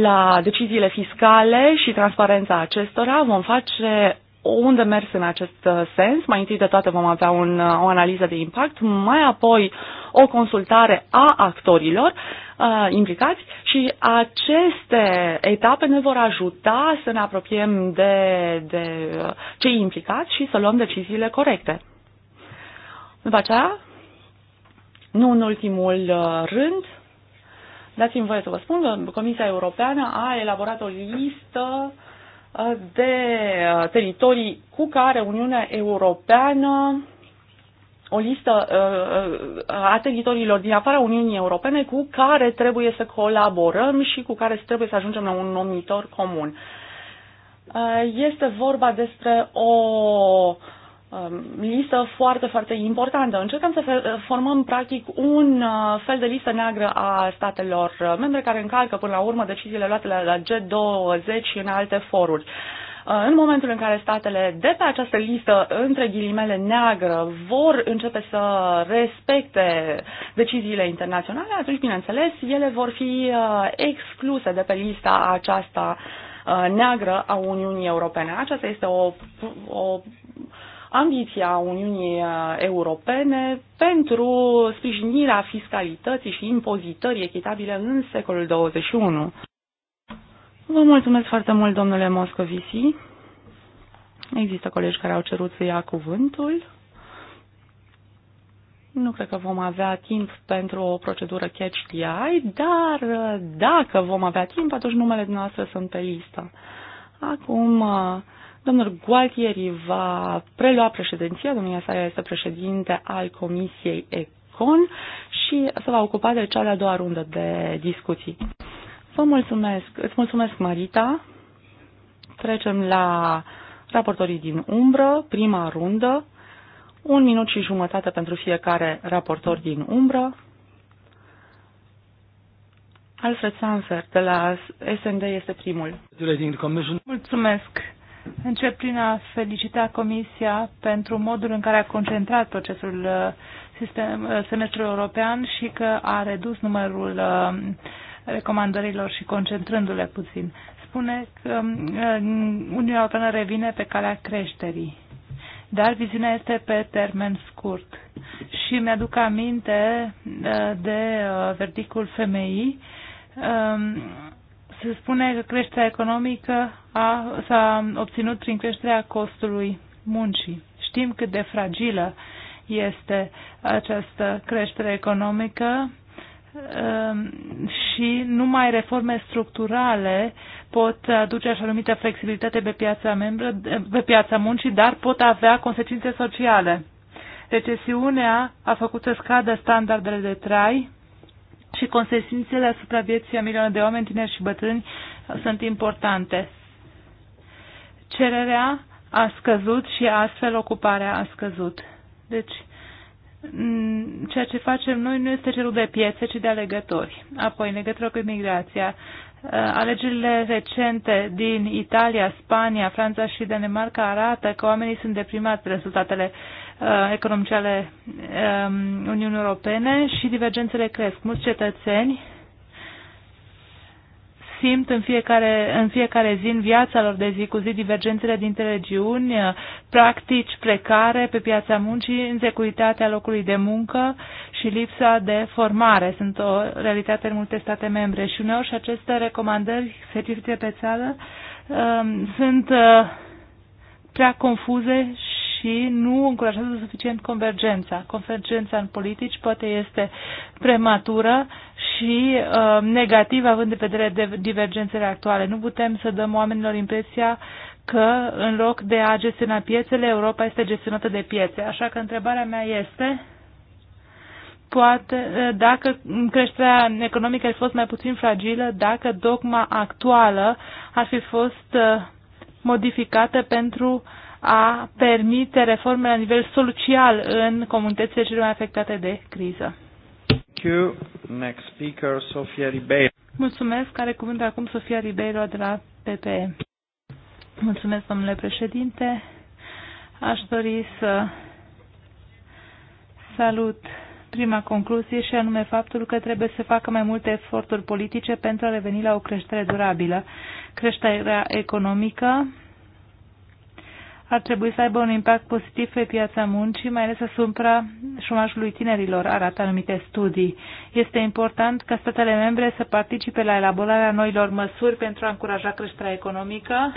la deciziile fiscale și transparența acestora, vom face unde mers în acest uh, sens. Mai întâi de toate vom avea un, uh, o analiză de impact, mai apoi o consultare a actorilor uh, implicați și aceste etape ne vor ajuta să ne apropiem de, de uh, cei implicați și să luăm deciziile corecte. După aceea, nu în ultimul rând, dați-mi voie să vă spun că Comisia Europeană a elaborat o listă uh, de uh, teritorii cu care Uniunea Europeană o listă uh, uh, a teritoriilor din afara Uniunii Europene cu care trebuie să colaborăm și cu care trebuie să ajungem la un numitor comun. Este vorba despre o Um, listă foarte, foarte importantă. Încercăm să formăm, practic, un uh, fel de listă neagră a statelor uh, membre care încalcă, până la urmă, deciziile luate la G20 și în alte foruri. Uh, în momentul în care statele de pe această listă, între ghilimele neagră, vor începe să respecte deciziile internaționale, atunci, bineînțeles, ele vor fi excluse de pe lista aceasta neagră a Uniunii Europene. Aceasta este o, o ambiția Uniunii uh, Europene pentru sprijinirea fiscalității și impozitării echitabile în secolul 21. Vă mulțumesc foarte mult, domnule Moscovici. Există colegi care au cerut să ia cuvântul. Nu cred că vom avea timp pentru o procedură catch the eye, dar uh, dacă vom avea timp, atunci numele dumneavoastră sunt pe listă. Acum, uh, Domnul Gualtieri va prelua președinția, domnia sa este președinte al Comisiei ECON și se va ocupa de cea de-a doua rundă de discuții. Vă mulțumesc, îți mulțumesc, Marita. Trecem la raportorii din umbră, prima rundă, un minut și jumătate pentru fiecare raportor din umbră. Alfred Sanser de la SND este primul. Mulțumesc. Încep prin a felicita Comisia pentru modul în care a concentrat procesul uh, sistem, uh, semestrul european și că a redus numărul uh, recomandărilor și concentrându-le puțin. Spune că um, Uniunea Europeană revine pe calea creșterii, dar viziunea este pe termen scurt. Și mi-aduc aminte de verdictul femeii um, se spune că creșterea economică a, s-a obținut prin creșterea costului muncii. Știm cât de fragilă este această creștere economică um, și numai reforme structurale pot aduce așa numită flexibilitate pe piața, membră, pe piața muncii, dar pot avea consecințe sociale. Recesiunea a făcut să scadă standardele de trai, și consecințele asupra vieții a milioane de oameni, tineri și bătrâni, sunt importante. Cererea a scăzut și astfel ocuparea a scăzut. Deci, ceea ce facem noi nu este cerul de piețe, ci de alegători. Apoi, în legătură cu imigrația, uh, alegerile recente din Italia, Spania, Franța și Danemarca arată că oamenii sunt deprimați de rezultatele uh, Uh, economice ale um, Uniunii Europene și divergențele cresc. Mulți cetățeni simt în fiecare, în fiecare zi în viața lor de zi cu zi divergențele dintre regiuni, uh, practici precare pe piața muncii, insecuritatea locului de muncă și lipsa de formare. Sunt o realitate în multe state membre și uneori și aceste recomandări specifice pe țară um, sunt uh, prea confuze și nu încurajează suficient convergența. Convergența în politici poate este prematură și uh, negativă având în vedere de divergențele actuale. Nu putem să dăm oamenilor impresia că în loc de a gestiona piețele, Europa este gestionată de piețe. Așa că întrebarea mea este poate, uh, dacă creșterea economică a fost mai puțin fragilă, dacă dogma actuală ar fi fost uh, modificată pentru a permite reforme la nivel social în comunitățile cele mai afectate de criză. Thank you. Next speaker, Sofia Ribeiro. Mulțumesc. care cuvânt acum Sofia Ribeiro de la PPE. Mulțumesc, domnule președinte. Aș dori să salut prima concluzie și anume faptul că trebuie să facă mai multe eforturi politice pentru a reveni la o creștere durabilă. Creșterea economică ar trebui să aibă un impact pozitiv pe piața muncii, mai ales asupra șomajului tinerilor, arată anumite studii. Este important ca statele membre să participe la elaborarea noilor măsuri pentru a încuraja creșterea economică.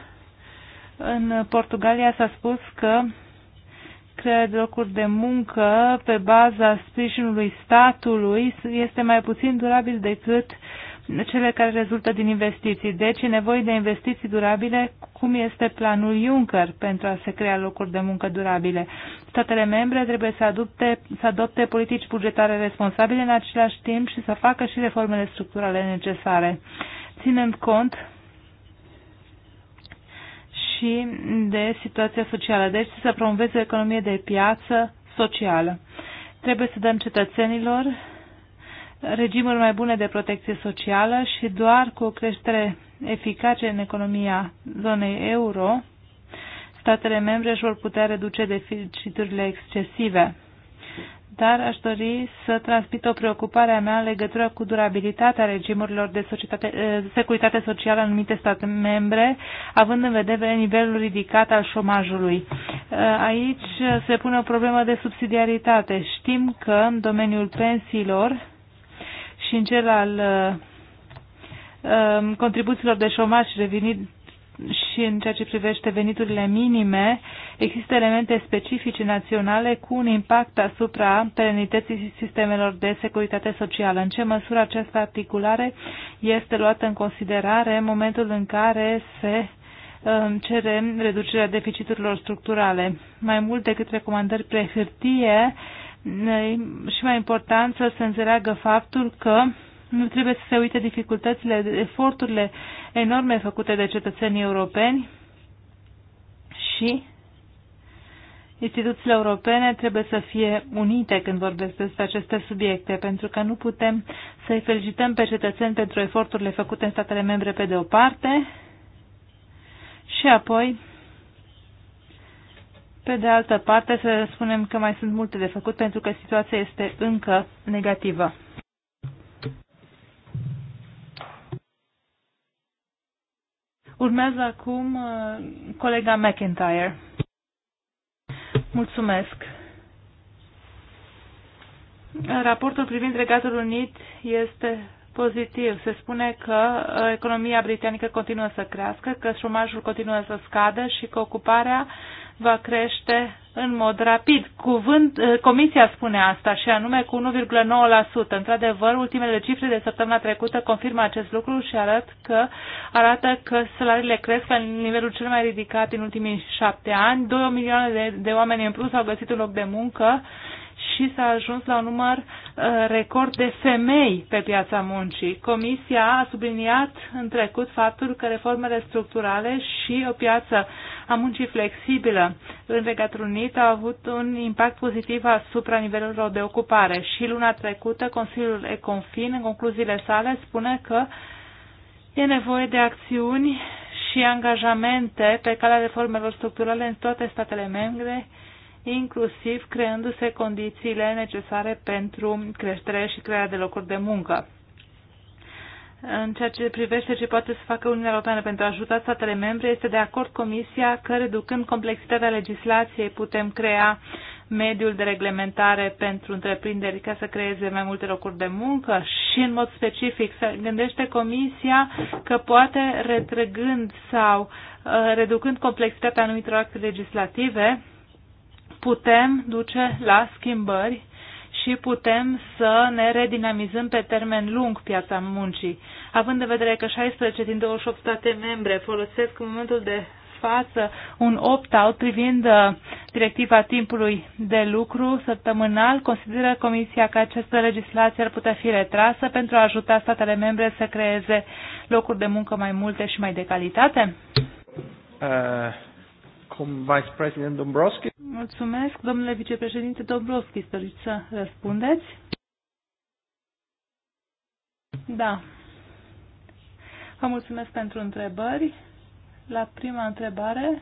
În Portugalia s-a spus că crearea de locuri de muncă pe baza sprijinului statului este mai puțin durabil decât uh, cele care rezultă din investiții. Deci e nevoie de investiții durabile, cum este planul Juncker pentru a se crea locuri de muncă durabile. Statele membre trebuie să adopte, să adopte politici bugetare responsabile în același timp și să facă și reformele structurale necesare, ținând cont și de situația socială. Deci să promoveze o economie de piață socială. Trebuie să dăm cetățenilor regimuri mai bune de protecție socială și doar cu o creștere eficace în economia zonei euro, statele membre își vor putea reduce deficiturile excesive. Dar aș dori să transmit o preocupare a mea în legătură cu durabilitatea regimurilor de eh, securitate socială în anumite state membre, având în vedere nivelul ridicat al șomajului. Eh, aici se pune o problemă de subsidiaritate. Știm că în domeniul pensiilor, și în cel al uh, um, contribuțiilor de șomaj și revenit și în ceea ce privește veniturile minime, există elemente specifice naționale cu un impact asupra perenității sistemelor de securitate socială. În ce măsură această articulare este luată în considerare în momentul în care se um, cere reducerea deficiturilor structurale. Mai mult decât recomandări pre hârtie, și mai important să se înțeleagă faptul că nu trebuie să se uite dificultățile, eforturile enorme făcute de cetățenii europeni și instituțiile europene trebuie să fie unite când vorbesc despre aceste subiecte, pentru că nu putem să-i felicităm pe cetățeni pentru eforturile făcute în statele membre pe de o parte și apoi pe de altă parte, să spunem că mai sunt multe de făcut pentru că situația este încă negativă. Urmează acum uh, colega McIntyre. Mulțumesc. Raportul privind Regatul Unit este pozitiv. Se spune că uh, economia britanică continuă să crească, că șomajul continuă să scadă și că ocuparea va crește în mod rapid. Cuvânt, eh, comisia spune asta și anume cu 1,9%. Într-adevăr, ultimele cifre de săptămâna trecută confirmă acest lucru și arăt că, arată că salariile cresc la nivelul cel mai ridicat în ultimii șapte ani. 2 milioane de, de oameni în plus au găsit un loc de muncă și s-a ajuns la un număr uh, record de femei pe piața muncii. Comisia a subliniat în trecut faptul că reformele structurale și o piață uh, a muncii flexibile în Regatul Unit a avut un impact pozitiv asupra nivelurilor de ocupare și luna trecută Consiliul Econfin în concluziile sale spune că e nevoie de acțiuni și angajamente pe calea reformelor structurale în toate statele membre, inclusiv creându-se condițiile necesare pentru creștere și crearea de locuri de muncă în ceea ce privește ce poate să facă Uniunea Europeană pentru a ajuta statele membre, este de acord Comisia că, reducând complexitatea legislației, putem crea mediul de reglementare pentru întreprinderi ca să creeze mai multe locuri de muncă și, în mod specific, să gândește Comisia că poate, retrăgând sau uh, reducând complexitatea anumitor acte legislative, putem duce la schimbări și putem să ne redinamizăm pe termen lung piața muncii. Având în vedere că 16 din 28 state membre folosesc în momentul de față un opt-out privind uh, directiva timpului de lucru săptămânal. Consideră Comisia că această legislație ar putea fi retrasă pentru a ajuta statele membre să creeze locuri de muncă mai multe și mai de calitate? Uh acum Vice President Dombrovski. Mulțumesc, domnule vicepreședinte Dombrovski, doriți să răspundeți? Da. Vă mulțumesc pentru întrebări. La prima întrebare,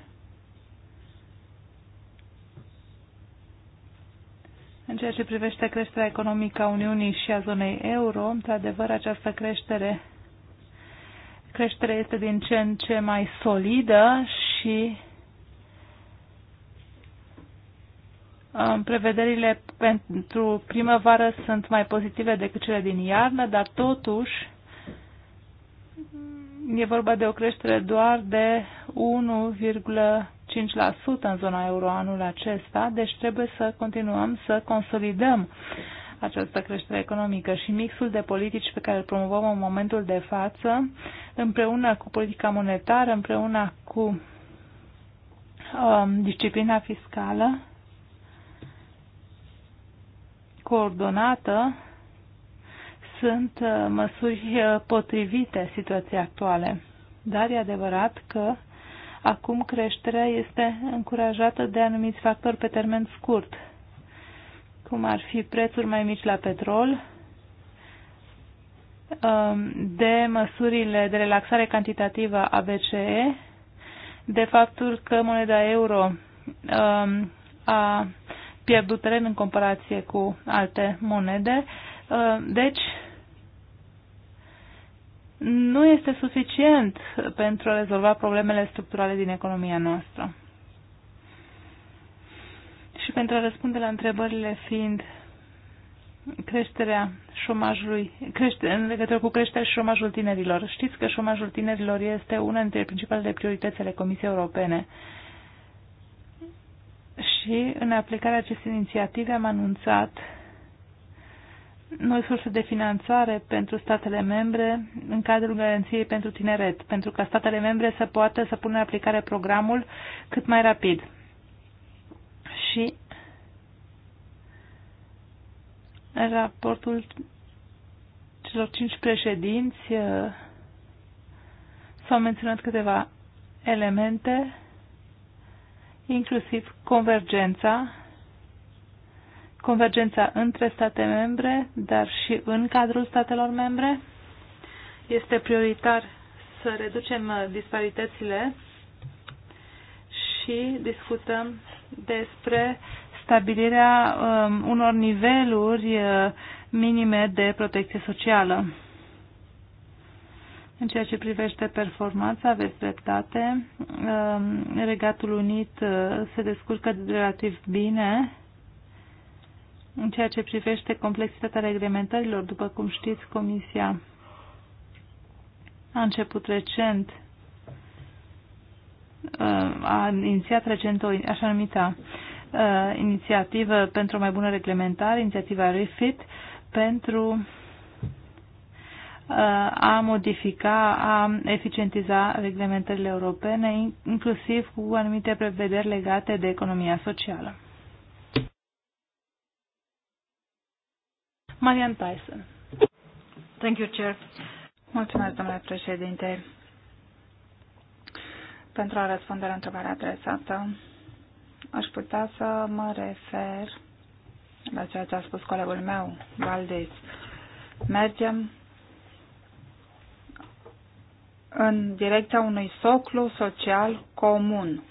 În ceea ce privește creșterea economică a Uniunii și a zonei euro, într-adevăr, această creștere, creștere este din ce în ce mai solidă și Prevederile pentru primăvară sunt mai pozitive decât cele din iarnă, dar totuși e vorba de o creștere doar de 1,5% în zona euro anul acesta, deci trebuie să continuăm să consolidăm această creștere economică și mixul de politici pe care îl promovăm în momentul de față, împreună cu politica monetară, împreună cu um, disciplina fiscală, coordonată sunt uh, măsuri uh, potrivite situației actuale. Dar e adevărat că acum creșterea este încurajată de anumiți factori pe termen scurt, cum ar fi prețuri mai mici la petrol, um, de măsurile de relaxare cantitativă a BCE, de faptul că moneda euro um, a pierdut teren în comparație cu alte monede. Uh, deci, nu este suficient pentru a rezolva problemele structurale din economia noastră. Și pentru a răspunde la întrebările fiind creșterea șomajului, crește, în legătură cu creșterea și șomajul tinerilor. Știți că șomajul tinerilor este una dintre principalele priorități ale Comisiei Europene. Uh, și în aplicarea acestei inițiative am anunțat noi surse de finanțare pentru statele membre în cadrul garanției pentru tineret, pentru ca statele membre să poată să pună în aplicare programul cât mai rapid. Și în raportul celor cinci președinți uh, s-au menționat câteva elemente inclusiv convergența, convergența între state membre, dar și în cadrul statelor membre. Este prioritar să reducem disparitățile și discutăm despre stabilirea um, unor niveluri uh, minime de protecție socială. În ceea ce privește performanța, aveți dreptate. Um, Regatul Unit uh, se descurcă relativ bine. În ceea ce privește complexitatea reglementărilor, după cum știți, Comisia a început recent, uh, a inițiat recent o așa numită uh, inițiativă pentru o mai bună reglementare, inițiativa REFIT, pentru a modifica, a eficientiza reglementările europene, inclusiv cu anumite prevederi legate de economia socială. Marian Tyson. Thank you, Chair. Mulțumesc, domnule președinte, pentru a răspunde la întrebarea adresată. Aș putea să mă refer la ceea ce a spus colegul meu, Valdez. Mergem în direcția unui soclu social comun.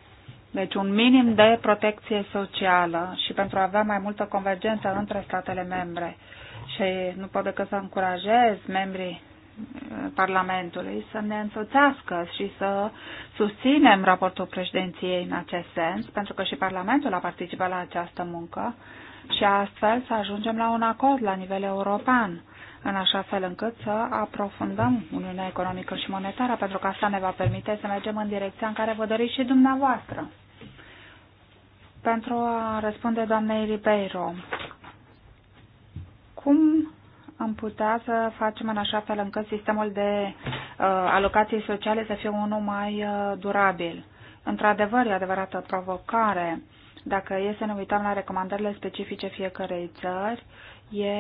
Deci un minim de protecție socială și pentru a avea mai multă convergență între statele membre. Și nu pot decât să încurajez membrii uh, Parlamentului să ne însoțească și să susținem raportul președinției în acest sens, pentru că și Parlamentul a participat la această muncă și astfel să ajungem la un acord la nivel european în așa fel încât să aprofundăm Uniunea Economică și Monetară, pentru că asta ne va permite să mergem în direcția în care vă doriți și dumneavoastră. Pentru a răspunde doamnei Ribeiro, cum am putea să facem în așa fel încât sistemul de uh, alocații sociale să fie unul mai uh, durabil? Într-adevăr, e adevărată provocare. Dacă e să ne uităm la recomandările specifice fiecărei țări, e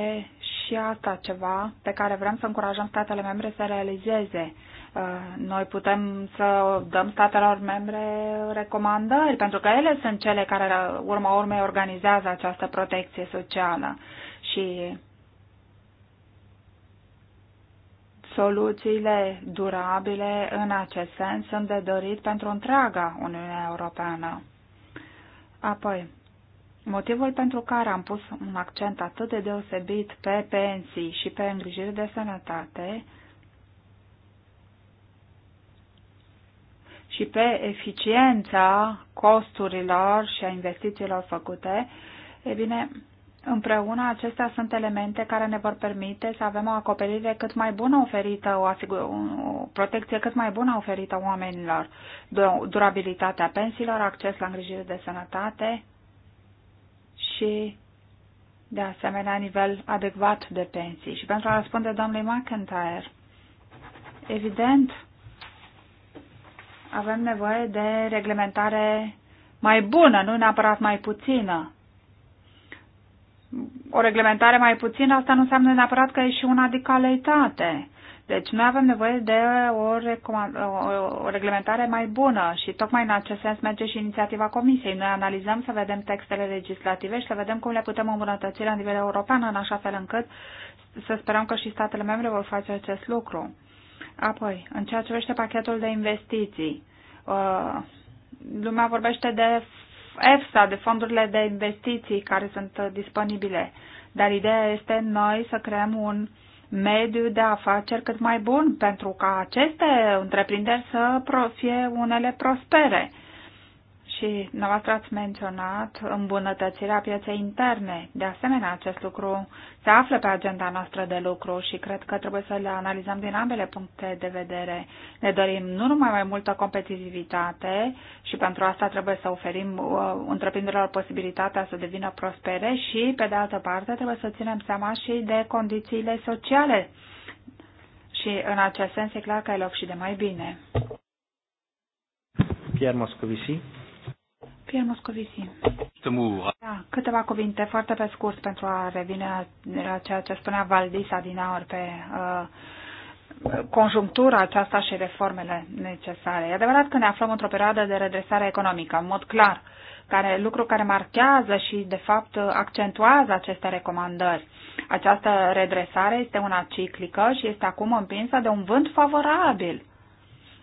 și asta ceva pe care vrem să încurajăm statele membre să realizeze. Uh, noi putem să dăm statelor membre recomandări, pentru că ele sunt cele care, urma urmei, organizează această protecție socială. Și soluțiile durabile în acest sens sunt de dorit pentru întreaga Uniune Europeană. Apoi, Motivul pentru care am pus un accent atât de deosebit pe pensii și pe îngrijiri de sănătate și pe eficiența costurilor și a investițiilor făcute, e bine, împreună acestea sunt elemente care ne vor permite să avem o acoperire cât mai bună oferită, o, asigur, o protecție cât mai bună oferită oamenilor, durabilitatea pensiilor, acces la îngrijire de sănătate, și de asemenea nivel adecvat de pensii. Și pentru a răspunde domnului McIntyre, evident, avem nevoie de reglementare mai bună, nu neapărat mai puțină. O reglementare mai puțină, asta nu înseamnă neapărat că e și una de calitate. Deci noi avem nevoie de o, o reglementare mai bună și tocmai în acest sens merge și inițiativa Comisiei. Noi analizăm să vedem textele legislative și să vedem cum le putem îmbunătăți la nivel european în așa fel încât să sperăm că și statele membre vor face acest lucru. Apoi, în ceea ce privește pachetul de investiții, uh, lumea vorbește de EFSA, de fondurile de investiții care sunt disponibile, dar ideea este noi să creăm un uh, mediu de afaceri cât mai bun pentru ca aceste întreprinderi să fie unele prospere și dumneavoastră ați menționat îmbunătățirea pieței interne. De asemenea, acest lucru se află pe agenda noastră de lucru și cred că trebuie să le analizăm din ambele puncte de vedere. Ne dorim nu numai mai multă competitivitate și pentru asta trebuie să oferim uh, întreprinderilor posibilitatea să devină prospere și, pe de altă parte, trebuie să ținem seama și de condițiile sociale. Și în acest sens e clar că e loc și de mai bine. Pierre Moscovici. Pierre Moscovici. Da, câteva cuvinte foarte pe scurt pentru a revine la ceea ce spunea Valdisa din aur pe uh, conjunctura aceasta și reformele necesare. E adevărat că ne aflăm într-o perioadă de redresare economică, în mod clar, care, lucru care marchează și, de fapt, accentuează aceste recomandări. Această redresare este una ciclică și este acum împinsă de un vânt favorabil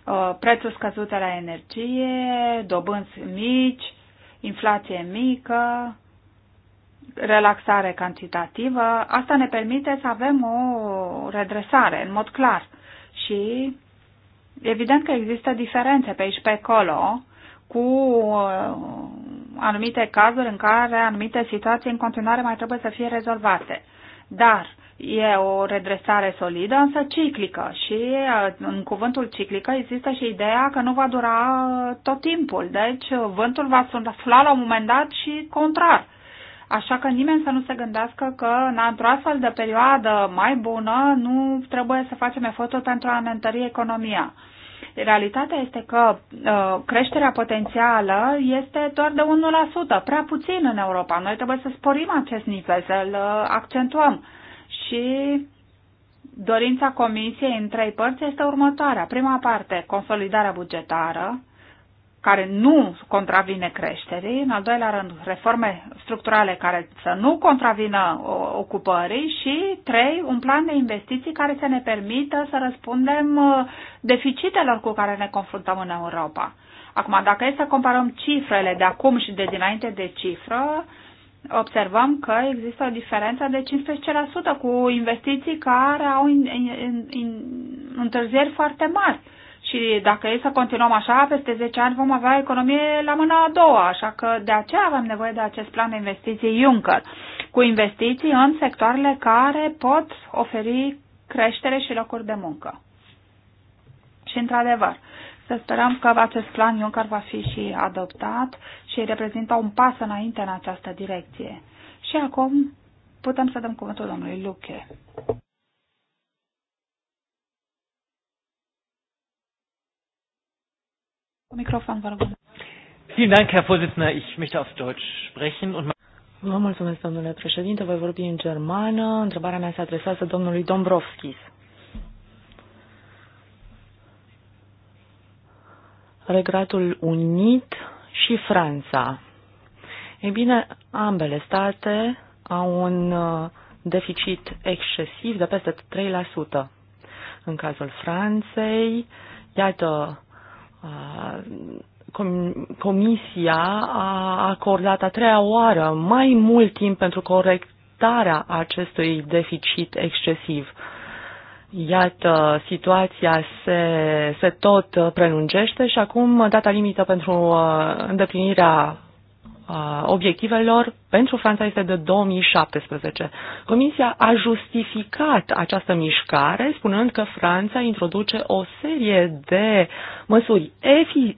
Uh, prețuri scăzute la energie, dobânzi mici, inflație mică, relaxare cantitativă, asta ne permite să avem o redresare în mod clar. Și evident că există diferențe pe aici pe acolo cu uh, anumite cazuri în care anumite situații în continuare mai trebuie să fie rezolvate. Dar E o redresare solidă, însă ciclică și uh, în cuvântul ciclică există și ideea că nu va dura tot timpul, deci uh, vântul va sufla la un moment dat și contrar. Așa că nimeni să nu se gândească că în într-o astfel de perioadă mai bună nu trebuie să facem efortul pentru a ne întări economia. Realitatea este că uh, creșterea potențială este doar de 1%, prea puțin în Europa. Noi trebuie să sporim acest nivel, să-l uh, accentuăm. Uh, și dorința Comisiei în trei părți este următoarea. Prima parte, consolidarea bugetară, care nu contravine creșterii, în al doilea rând reforme structurale care să nu contravină ocupării și trei, un plan de investiții care să ne permită să răspundem uh, deficitelor cu care ne confruntăm în Europa. Acum, dacă e să comparăm cifrele de acum și de dinainte de cifră, observăm că există o diferență de 15% cu investiții care au in, in, in, întârzieri foarte mari. Și dacă e să continuăm așa, peste 10 ani vom avea economie la mâna a doua, așa că de aceea avem nevoie de acest plan de investiții Juncker, cu investiții în sectoarele care pot oferi creștere și locuri de muncă. Și într-adevăr, să sperăm că acest plan Juncker va fi și adoptat și reprezintă un pas înainte în această direcție. Și acum putem să dăm cuvântul domnului Luche. Mikrofon, vă rog. Vielen Dank, Herr Vorsitzender. Ich möchte auf Deutsch sprechen und Vă mulțumesc, domnule președinte. Voi vorbi în germană. Întrebarea mea se adresează domnului Dombrovskis. Regatul Unit și Franța. Ei bine, ambele state au un uh, deficit excesiv de peste 3%. În cazul Franței, iată, uh, Comisia a acordat a treia oară mai mult timp pentru corectarea acestui deficit excesiv. Iată, situația se, se tot uh, prelungește și acum uh, data limită pentru uh, îndeplinirea obiectivelor pentru Franța este de 2017. Comisia a justificat această mișcare spunând că Franța introduce o serie de măsuri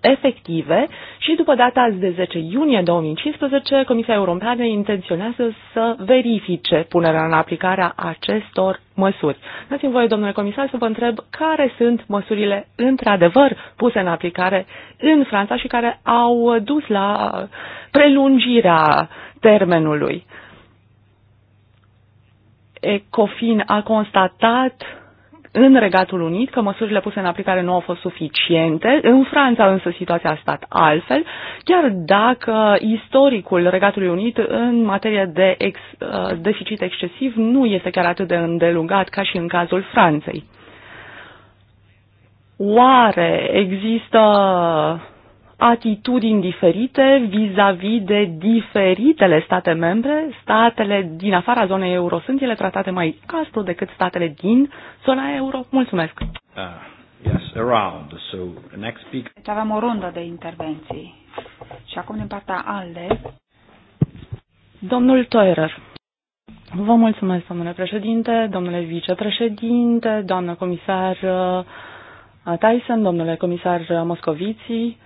efective și după data de 10 iunie 2015, Comisia Europeană intenționează să verifice punerea în aplicare a acestor măsuri. Dați-mi voie, domnule comisar, să vă întreb care sunt măsurile într-adevăr puse în aplicare în Franța și care au dus la prelungirea termenului. Ecofin a constatat în Regatul Unit că măsurile puse în aplicare nu au fost suficiente. În Franța însă situația a stat altfel, chiar dacă istoricul Regatului Unit în materie de ex, uh, deficit excesiv nu este chiar atât de îndelungat ca și în cazul Franței. Oare există atitudini diferite vis-a-vis de diferitele state membre. Statele din afara zonei euro sunt ele tratate mai castru decât statele din zona euro? Mulțumesc! Uh, yes, around. So, next Deci avem o rundă de intervenții. Și acum din partea ALDE. Domnul Toerer. Vă mulțumesc, domnule președinte, domnule vicepreședinte, doamnă comisar uh, Tyson, domnule comisar Moscoviții.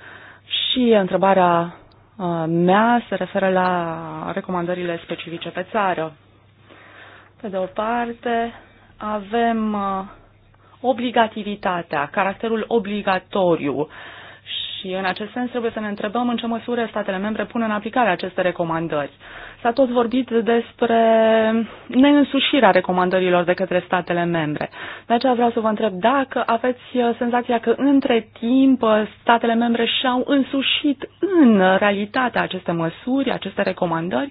Și întrebarea uh, mea se referă la recomandările specifice pe țară. Pe de o parte, avem uh, obligativitatea, caracterul obligatoriu și în acest sens trebuie să ne întrebăm în ce măsură statele membre pun în aplicare aceste recomandări. S-a tot vorbit despre neînsușirea recomandărilor de către statele membre. De aceea vreau să vă întreb dacă aveți uh, senzația că între timp uh, statele membre și-au însușit în realitate aceste măsuri, aceste recomandări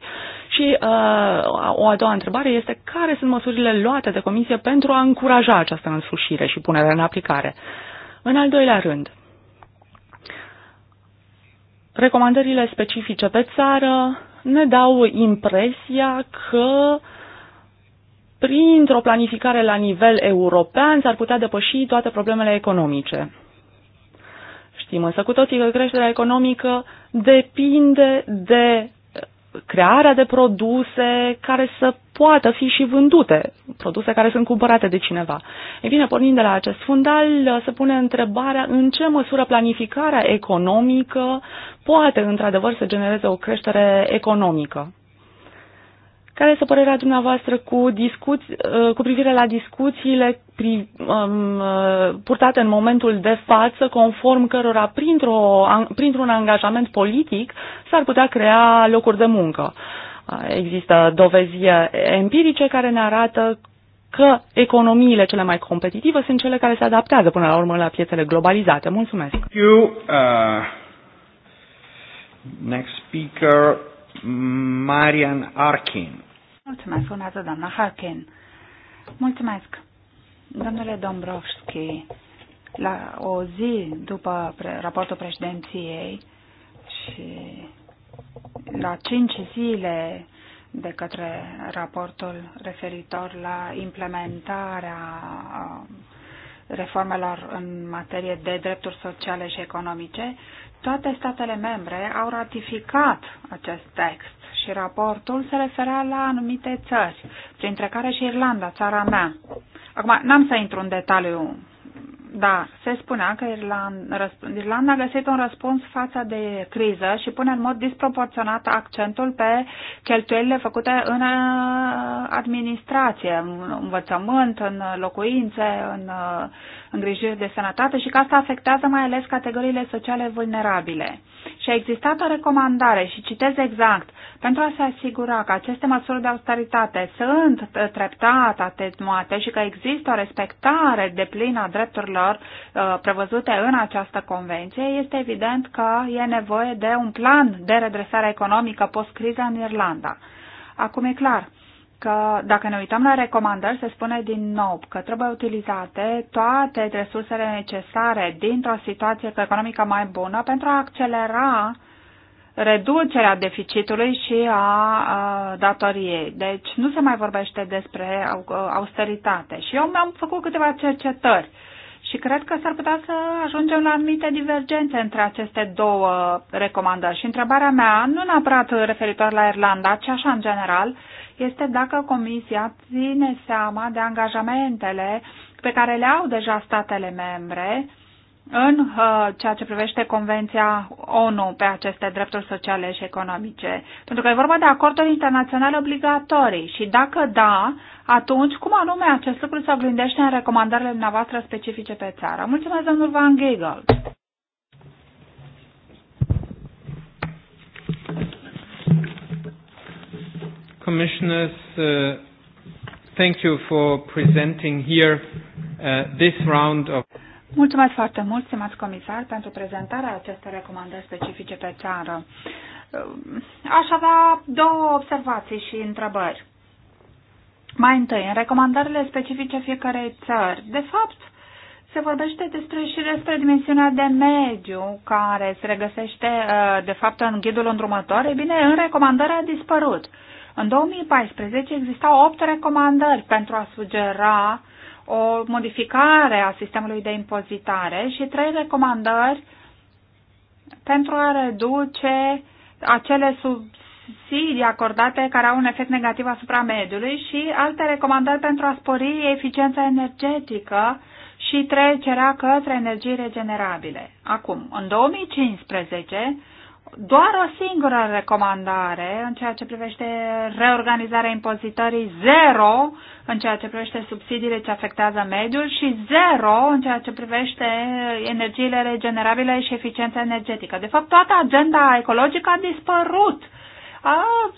și uh, o a doua întrebare este care sunt măsurile luate de Comisie pentru a încuraja această însușire și punere în aplicare. În al doilea rând, Recomandările specifice pe țară ne dau impresia că printr-o planificare la nivel european s-ar putea depăși toate problemele economice. Știm însă cu toții că creșterea economică depinde de crearea de produse care să poată fi și vândute, produse care sunt cumpărate de cineva. Ei bine, pornind de la acest fundal, se pune întrebarea în ce măsură planificarea economică poate, într-adevăr, să genereze o creștere economică. Care este părerea dumneavoastră cu, discuți, uh, cu privire la discuțiile pri, um, uh, purtate în momentul de față, conform cărora printr-o, printr-un angajament politic s-ar putea crea locuri de muncă? Uh, există dovezi empirice care ne arată că economiile cele mai competitive sunt cele care se adaptează până la urmă la piețele globalizate. Mulțumesc! Thank You, uh, next speaker, Marian Arkin. Mulțumesc, urmează doamna Haken. Mulțumesc. Domnule Dombrovski, la o zi după raportul președinției și la cinci zile de către raportul referitor la implementarea reformelor în materie de drepturi sociale și economice, toate statele membre au ratificat acest text și raportul se referea la anumite țări, printre care și Irlanda, țara mea. Acum, n-am să intru în detaliu, dar se spunea că Irlanda, Irlanda a găsit un răspuns față de criză și pune în mod disproporționat accentul pe cheltuielile făcute în uh, administrație, în învățământ, în locuințe, în uh, îngrijiri de sănătate și că asta afectează mai ales categoriile sociale vulnerabile. Și a existat o recomandare, și citez exact, pentru a se asigura că aceste măsuri de austeritate sunt treptat atenuate și că există o respectare de plină a drepturilor uh, prevăzute în această convenție, este evident că e nevoie de un plan de redresare economică post-criză în Irlanda. Acum e clar, că dacă ne uităm la recomandări, se spune din nou că trebuie utilizate toate resursele necesare dintr-o situație economică mai bună pentru a accelera reducerea deficitului și a, datoriei. Deci nu se mai vorbește despre austeritate. Și eu mi-am făcut câteva cercetări și cred că s-ar putea să ajungem la anumite divergențe între aceste două recomandări. Și întrebarea mea, nu neapărat referitor la Irlanda, ci așa în general, este dacă Comisia ține seama de angajamentele pe care le au deja statele membre în uh, ceea ce privește Convenția ONU pe aceste drepturi sociale și economice. Pentru că e vorba de acorduri internaționale obligatorii și dacă da, atunci cum anume acest lucru se oglindește în recomandările dumneavoastră specifice pe țară? Mulțumesc, domnul Van Giegel. commissioners, uh, thank you for presenting here uh, this round of Mulțumesc foarte mult, stimați comisar, pentru prezentarea acestei recomandări specifice pe țară. Uh, aș avea două observații și întrebări. Mai întâi, în recomandările specifice fiecarei țări, de fapt, se vorbește despre și despre dimensiunea de mediu care se regăsește, uh, de fapt, în ghidul îndrumător. E bine, în recomandare a dispărut. În 2014 existau 8 recomandări pentru a sugera o modificare a sistemului de impozitare și 3 recomandări pentru a reduce acele subsidii acordate care au un efect negativ asupra mediului și alte recomandări pentru a spori eficiența energetică și trecerea către energii regenerabile. Acum, în 2015, doar o singură recomandare în ceea ce privește reorganizarea impozitării, zero în ceea ce privește subsidiile ce afectează mediul și zero în ceea ce privește energiile regenerabile și eficiența energetică. De fapt, toată agenda ecologică a dispărut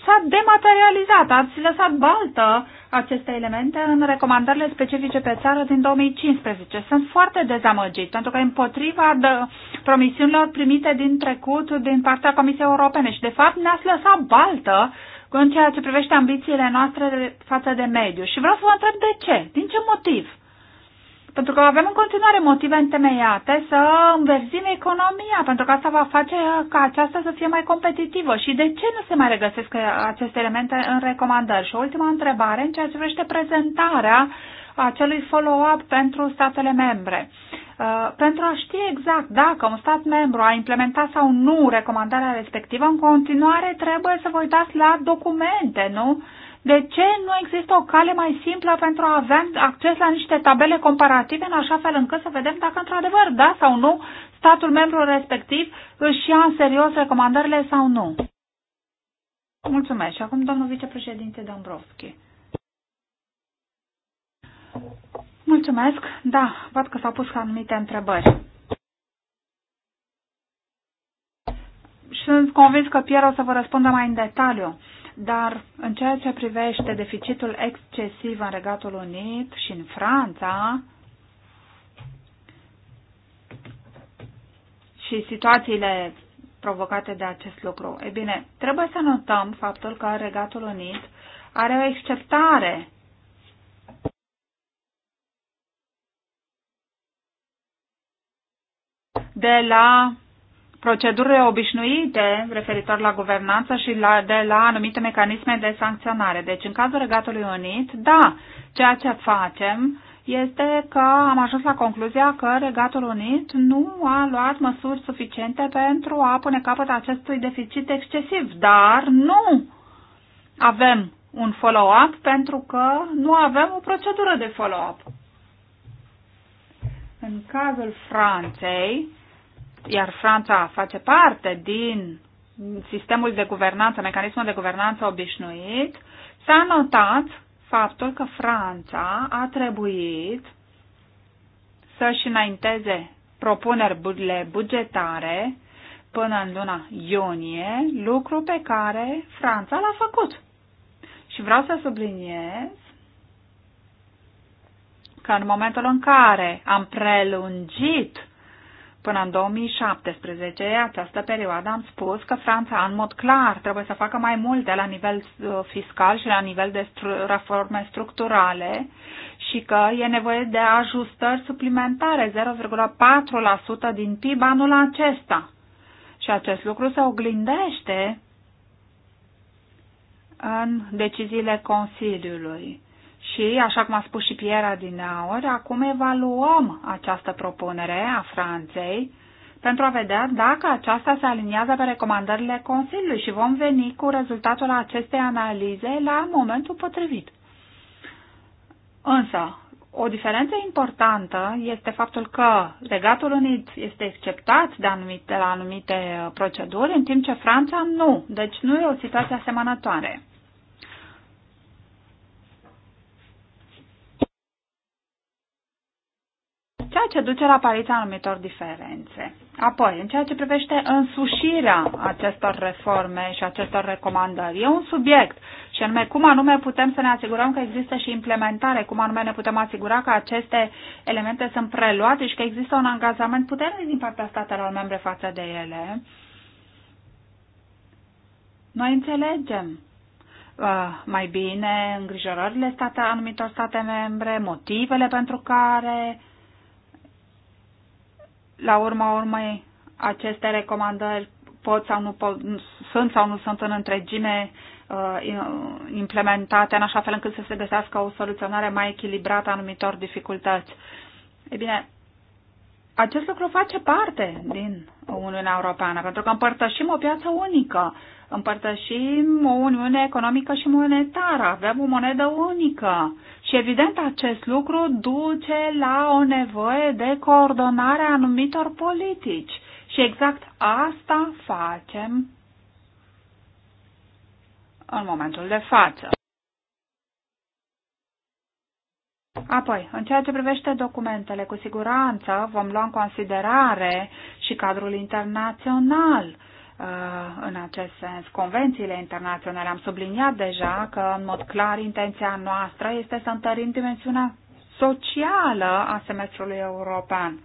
s-a dematerializat, ați lăsat baltă aceste elemente în recomandările specifice pe țară din 2015. Sunt foarte dezamăgit pentru că împotriva de promisiunilor primite din trecut din partea Comisiei Europene și de fapt ne-ați lăsat baltă în ceea ce privește ambițiile noastre față de mediu. Și vreau să vă întreb de ce, din ce motiv? Pentru că avem în continuare motive întemeiate să înverzim economia, pentru că asta va face ca aceasta să fie mai competitivă. Și de ce nu se mai regăsesc aceste elemente în recomandări? Și o ultima întrebare în ceea ce privește prezentarea acelui follow-up pentru statele membre. Uh, pentru a ști exact dacă un stat membru a implementat sau nu recomandarea respectivă, în continuare trebuie să vă uitați la documente, nu? Uh, de ce nu există o cale mai simplă pentru a avea acces la niște tabele comparative în așa fel încât să vedem dacă într-adevăr, da sau nu, statul membru respectiv își ia în serios recomandările sau nu? Mulțumesc. Și acum domnul vicepreședinte Dombrovski. Mulțumesc. Da, văd că s-au pus anumite întrebări. Sunt convins că Pierre o să vă răspundă mai în detaliu dar în ceea ce privește deficitul excesiv în Regatul Unit și în Franța, și situațiile provocate de acest lucru. E bine, trebuie să notăm faptul că Regatul Unit are o exceptare de la procedurile obișnuite referitor la guvernanță și la, de la anumite mecanisme de sancționare. Deci, în cazul Regatului Unit, da, ceea ce facem este că am ajuns la concluzia că Regatul Unit nu a luat măsuri suficiente pentru a pune capăt acestui deficit excesiv, dar nu avem un follow-up pentru că nu avem o procedură de follow-up. În cazul Franței, iar Franța face parte din sistemul de guvernanță, mecanismul de guvernanță obișnuit, s-a notat faptul că Franța a trebuit să-și înainteze propunerile bugetare până în luna iunie, lucru pe care Franța l-a făcut. Și vreau să subliniez că în momentul în care am prelungit Până în 2017, această perioadă, am spus că Franța, în mod clar, trebuie să facă mai multe la nivel uh, fiscal și la nivel de stru- reforme structurale și că e nevoie de ajustări suplimentare, 0,4% din PIB anul acesta. Și acest lucru se oglindește în deciziile Consiliului. Și, așa cum a spus și Piera din aur, acum evaluăm această propunere a Franței pentru a vedea dacă aceasta se aliniază pe recomandările Consiliului și vom veni cu rezultatul acestei analize la momentul potrivit. Însă, o diferență importantă este faptul că Regatul Unit este exceptat de, anumite, de la anumite proceduri, în timp ce Franța nu. Deci nu e o situație asemănătoare. ceea ce duce la apariția anumitor diferențe. Apoi, în ceea ce privește însușirea acestor reforme și acestor recomandări, e un subiect și anume cum anume putem să ne asigurăm că există și implementare, cum anume ne putem asigura că aceste elemente sunt preluate și că există un angajament puternic din partea statelor membre față de ele. Noi înțelegem uh, mai bine îngrijorările state, anumitor state membre, motivele pentru care la urma urmei, aceste recomandări pot sau nu pot, sunt sau nu sunt în întregime uh, implementate în așa fel încât să se găsească o soluționare mai echilibrată a anumitor dificultăți. E bine, acest lucru face parte din Uniunea Europeană, pentru că împărtășim o piață unică împărtășim o uniune economică și monetară, avem o monedă unică. Și evident acest lucru duce la o nevoie de coordonare a anumitor politici. Și exact asta facem în momentul de față. Apoi, în ceea ce privește documentele, cu siguranță vom lua în considerare și cadrul internațional Uh, în acest sens convențiile internaționale. Am subliniat deja că, în mod clar, intenția noastră este să întărim dimensiunea socială a semestrului european.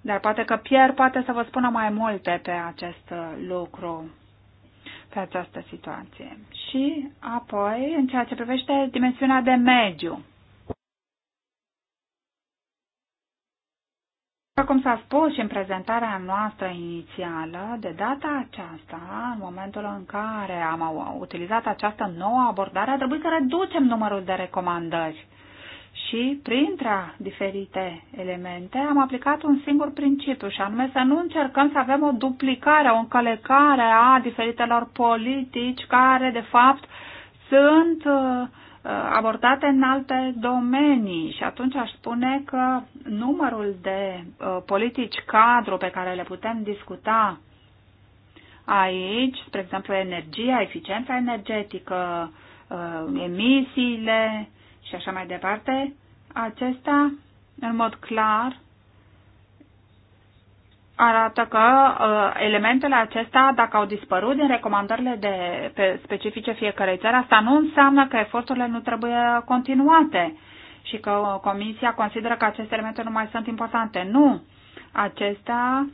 Dar poate că Pierre poate să vă spună mai multe pe acest uh, lucru, pe această situație. Și apoi, în ceea ce privește dimensiunea de mediu, Așa cum s-a spus și în prezentarea noastră inițială, de data aceasta, în momentul în care am utilizat această nouă abordare, a trebuit să reducem numărul de recomandări. Și, printre diferite elemente, am aplicat un singur principiu, și anume să nu încercăm să avem o duplicare, o încălecare a diferitelor politici care, de fapt, sunt uh, Uh, abordate în alte domenii și atunci aș spune că numărul de uh, politici cadru pe care le putem discuta aici, spre exemplu energia, eficiența energetică, uh, emisiile și așa mai departe, acestea, în mod clar, arată că uh, elementele acestea, dacă au dispărut din recomandările de, pe, specifice fiecarei țări, asta nu înseamnă că eforturile nu trebuie continuate și că Comisia consideră că aceste elemente nu mai sunt importante. Nu! Acestea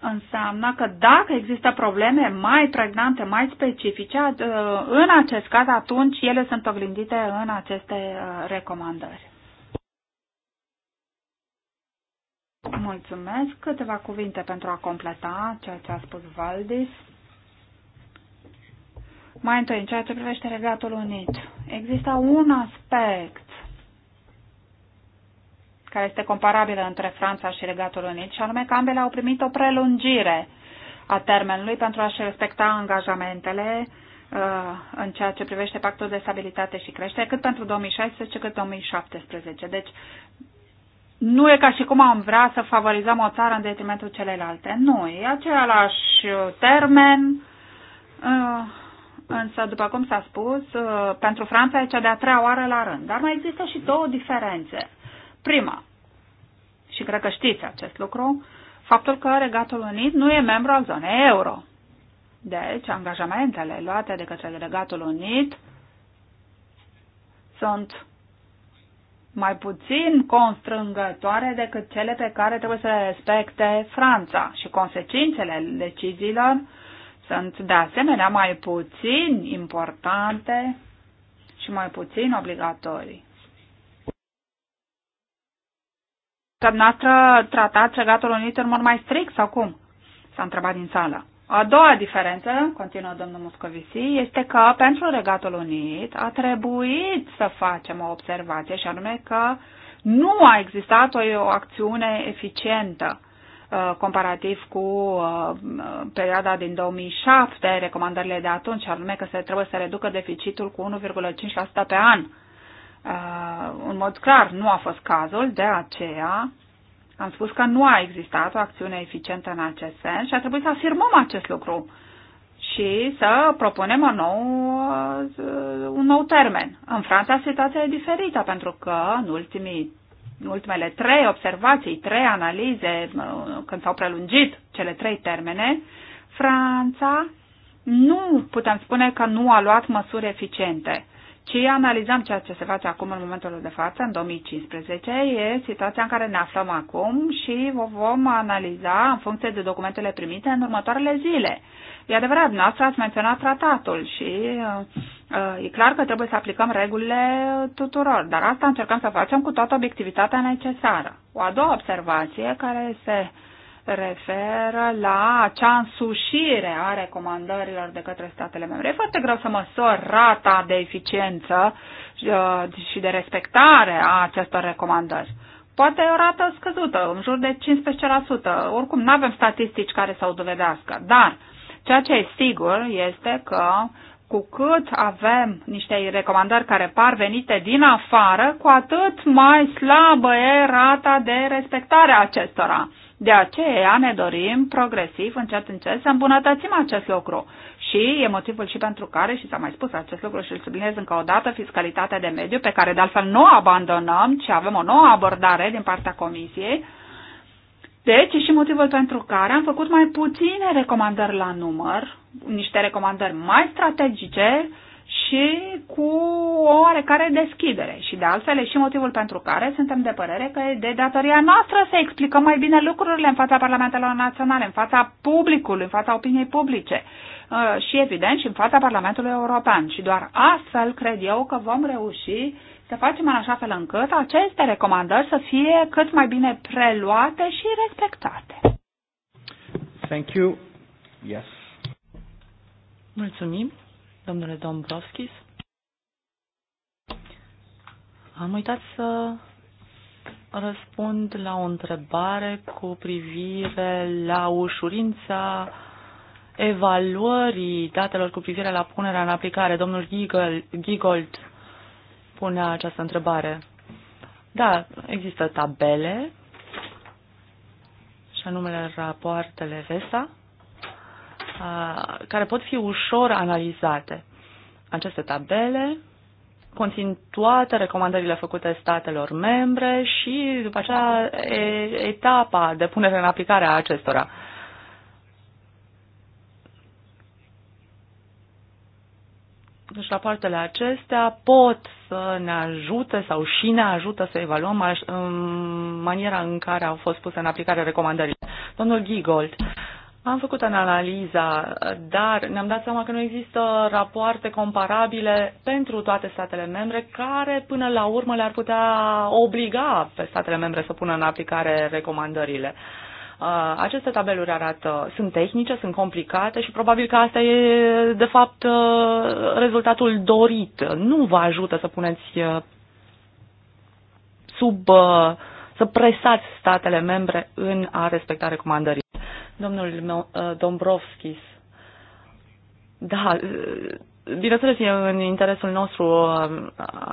înseamnă că dacă există probleme mai pregnante, mai specifice, uh, în acest caz, atunci ele sunt oglindite în aceste uh, recomandări. Mulțumesc. Câteva cuvinte pentru a completa ceea ce a spus Valdis. Mai întâi, în ceea ce privește Regatul Unit, există un aspect care este comparabilă între Franța și Regatul Unit, și anume că ambele au primit o prelungire a termenului pentru a-și respecta angajamentele uh, în ceea ce privește pactul de stabilitate și creștere, cât pentru 2016, cât 2017. Deci, nu e ca și cum am vrea să favorizăm o țară în detrimentul celelalte. Nu, e același uh, termen, uh, însă, după cum s-a spus, uh, pentru Franța e cea de-a treia oară la rând. Dar mai există și două diferențe. Prima, și cred că știți acest lucru, faptul că Regatul Unit nu e membru al zonei euro. Deci, angajamentele luate de către Regatul Unit sunt mai puțin constrângătoare decât cele pe care trebuie să le respecte Franța și consecințele deciziilor sunt de asemenea mai puțin importante și mai puțin obligatorii. noastră tratați Regatul Unit în mod mai strict sau cum? S-a întrebat din sală. A doua diferență, continuă domnul Moscovici, este că pentru Regatul Unit a trebuit să facem o observație și anume că nu a existat o, o acțiune eficientă uh, comparativ cu uh, perioada din 2007, recomandările de atunci, anume că se trebuie să reducă deficitul cu 1,5% pe an. Uh, în mod clar, nu a fost cazul, de aceea am spus că nu a existat o acțiune eficientă în acest sens și a trebuit să afirmăm acest lucru și să propunem un nou, uh, un nou termen. În Franța situația e diferită pentru că în ultimii în ultimele trei observații, trei analize, uh, când s-au prelungit cele trei termene, Franța nu putem spune că nu a luat măsuri eficiente ci analizăm ceea ce se face acum în momentul de față, în 2015, e situația în care ne aflăm acum și o vom analiza în funcție de documentele primite în următoarele zile. E adevărat, dumneavoastră ați menționat tratatul și uh, e clar că trebuie să aplicăm regulile tuturor, dar asta încercăm să facem cu toată obiectivitatea necesară. O a doua observație care se uh, referă la acea însușire a recomandărilor de către statele membre. E foarte greu să măsori rata de eficiență uh, și de respectare a acestor recomandări. Poate o rată scăzută, în jur de 15%. Oricum, nu avem statistici care să o dovedească. Dar ceea ce e sigur este că cu cât avem niște recomandări care par venite din afară, cu atât mai slabă e rata de respectare a acestora. De aceea ne dorim progresiv, încet, încet, să îmbunătățim acest lucru. Și e motivul și pentru care, și s-a mai spus acest lucru și îl subliniez încă o dată, fiscalitatea de mediu, pe care de altfel nu o abandonăm, ci avem o nouă abordare din partea Comisiei, deci, și motivul pentru care am făcut mai puține recomandări la număr, niște recomandări mai strategice, și cu o oarecare deschidere. Și de altfel e și motivul pentru care suntem de părere că e de datoria noastră să explicăm mai bine lucrurile în fața Parlamentelor Naționale, în fața publicului, în fața opiniei publice uh, și, evident, și în fața Parlamentului European. Și doar astfel cred eu că vom reuși să facem în așa fel încât aceste recomandări să fie cât mai bine preluate și respectate. Thank you. Yes. Mulțumim. Domnule Dombrovskis, am uitat să răspund la o întrebare cu privire la ușurința evaluării datelor cu privire la punerea în aplicare. Domnul Gigold pune această întrebare. Da, există tabele, și anume rapoartele VESA, care pot fi ușor analizate. Aceste tabele conțin toate recomandările făcute statelor membre și după aceea etapa de punere în aplicare a acestora. Deci rapoartele acestea pot să ne ajute sau și ne ajută să evaluăm în maniera în care au fost puse în aplicare recomandările. Domnul Gigold, am făcut analiza, dar ne-am dat seama că nu există rapoarte comparabile pentru toate statele membre care până la urmă le-ar putea obliga pe statele membre să pună în aplicare recomandările. Uh, aceste tabeluri arată, sunt tehnice, sunt complicate și probabil că asta e de fapt uh, rezultatul dorit. Nu vă ajută să puneți uh, sub, să presați statele membre în a respecta recomandările. Domnul uh, Dombrovskis, da, uh, bineînțeles, e în interesul nostru uh,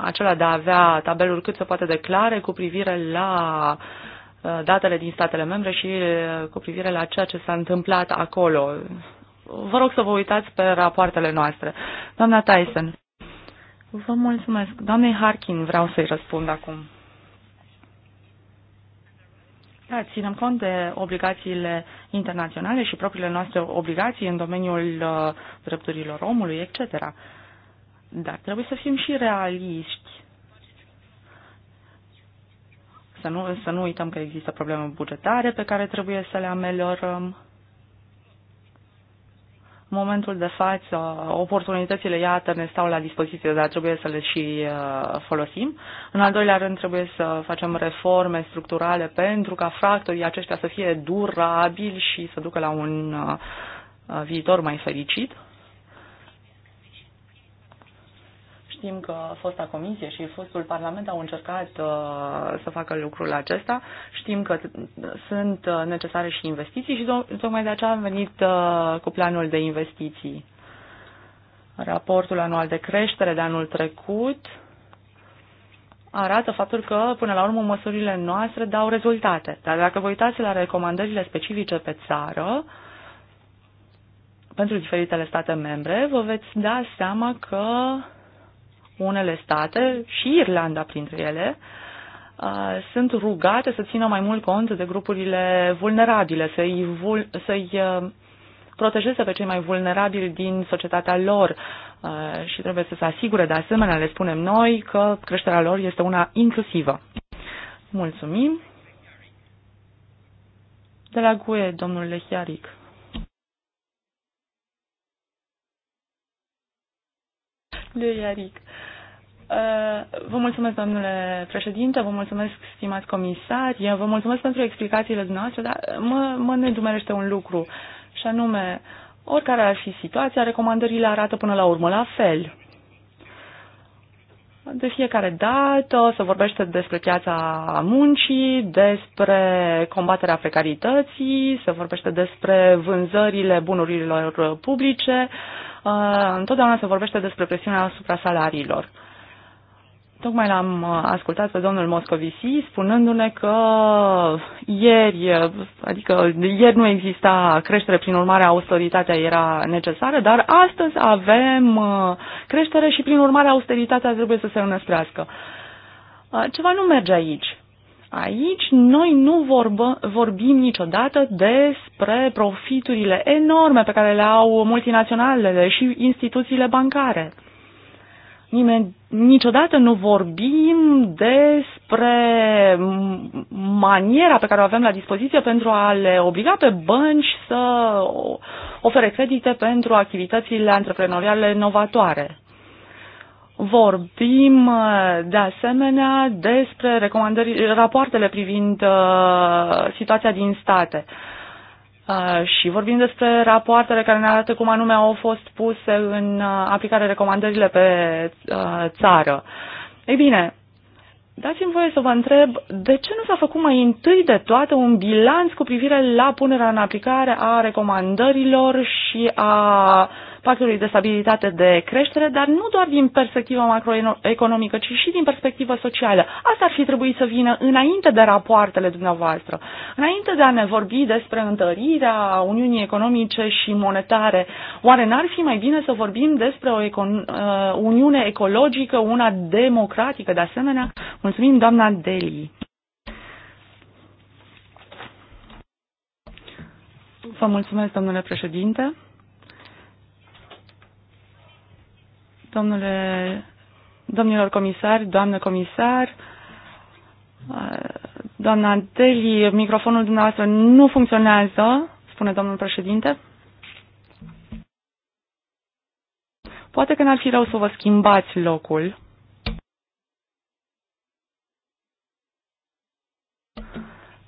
acela de a avea tabeluri cât se poate de clare cu privire la datele din statele membre și cu privire la ceea ce s-a întâmplat acolo. Vă rog să vă uitați pe rapoartele noastre. Doamna Tyson. Vă mulțumesc. Doamnei Harkin vreau să-i răspund acum. Da, ținem cont de obligațiile internaționale și propriile noastre obligații în domeniul uh, drepturilor omului, etc. Dar trebuie să fim și realiști. Să nu, să nu uităm că există probleme bugetare pe care trebuie să le ameliorăm momentul de față, oportunitățile, iată, ne stau la dispoziție, dar trebuie să le și uh, folosim. În al doilea rând, trebuie să facem reforme structurale pentru ca fractorii aceștia să fie durabili și să ducă la un uh, viitor mai fericit. Știm că fosta comisie și fostul parlament au încercat uh, să facă lucrul acesta. Știm că sunt uh, necesare și investiții și tocmai de aceea am venit uh, cu planul de investiții. Raportul anual de creștere de anul trecut arată faptul că, până la urmă, măsurile noastre dau rezultate. Dar dacă vă uitați la recomandările specifice pe țară, pentru diferitele state membre, vă veți da seama că unele state, și Irlanda printre ele, uh, sunt rugate să țină mai mult cont de grupurile vulnerabile, să-i, vul- să-i uh, protejeze pe cei mai vulnerabili din societatea lor uh, și trebuie să se asigure, de asemenea, le spunem noi, că creșterea lor este una inclusivă. Mulțumim. De la GUE, domnul Lehiaric. Lehiaric. Uh, vă mulțumesc, domnule președinte, vă mulțumesc, stimați comisari, vă mulțumesc pentru explicațiile dumneavoastră, dar mă, mă nedumerește un lucru, și anume, oricare ar fi situația, recomandările arată până la urmă la fel. De fiecare dată se vorbește despre piața muncii, despre combaterea precarității, se vorbește despre vânzările bunurilor publice, uh, întotdeauna se vorbește despre presiunea asupra salariilor. Tocmai l-am uh, ascultat pe domnul Moscovici spunându-ne că ieri, uh, adică ieri nu exista creștere, prin urmare austeritatea era necesară, dar astăzi avem uh, creștere și prin urmare austeritatea trebuie să se înăsprească. Ceva nu merge aici. Aici noi nu vorbă, vorbim niciodată despre profiturile enorme pe care le au multinaționalele și instituțiile bancare. Nimeni, niciodată nu vorbim despre maniera pe care o avem la dispoziție pentru a le obliga pe bănci să ofere credite pentru activitățile antreprenoriale novatoare. Vorbim de asemenea despre recomandări, rapoartele privind uh, situația din state. Uh, Uh, și vorbim despre rapoartele care ne arată cum anume au fost puse în uh, aplicare recomandările pe uh, țară. Ei bine, dați-mi voie să vă întreb de ce nu s-a făcut mai întâi de toate un bilanț cu privire la punerea în aplicare a recomandărilor și a uh, pactului de stabilitate de creștere, dar nu doar din perspectiva macroeconomică, ci și din perspectiva socială. Asta ar fi trebuit să vină înainte de rapoartele dumneavoastră, înainte de a ne vorbi despre întărirea Uniunii Economice și Monetare. Oare n-ar fi mai bine să vorbim despre o econ- uh, Uniune ecologică, una democratică de asemenea? Mulțumim, doamna Deli. Vă mulțumesc, domnule președinte. domnule, domnilor comisari, doamnă comisar, doamna Deli, microfonul dumneavoastră nu funcționează, spune domnul președinte. Poate că n-ar fi rău să vă schimbați locul.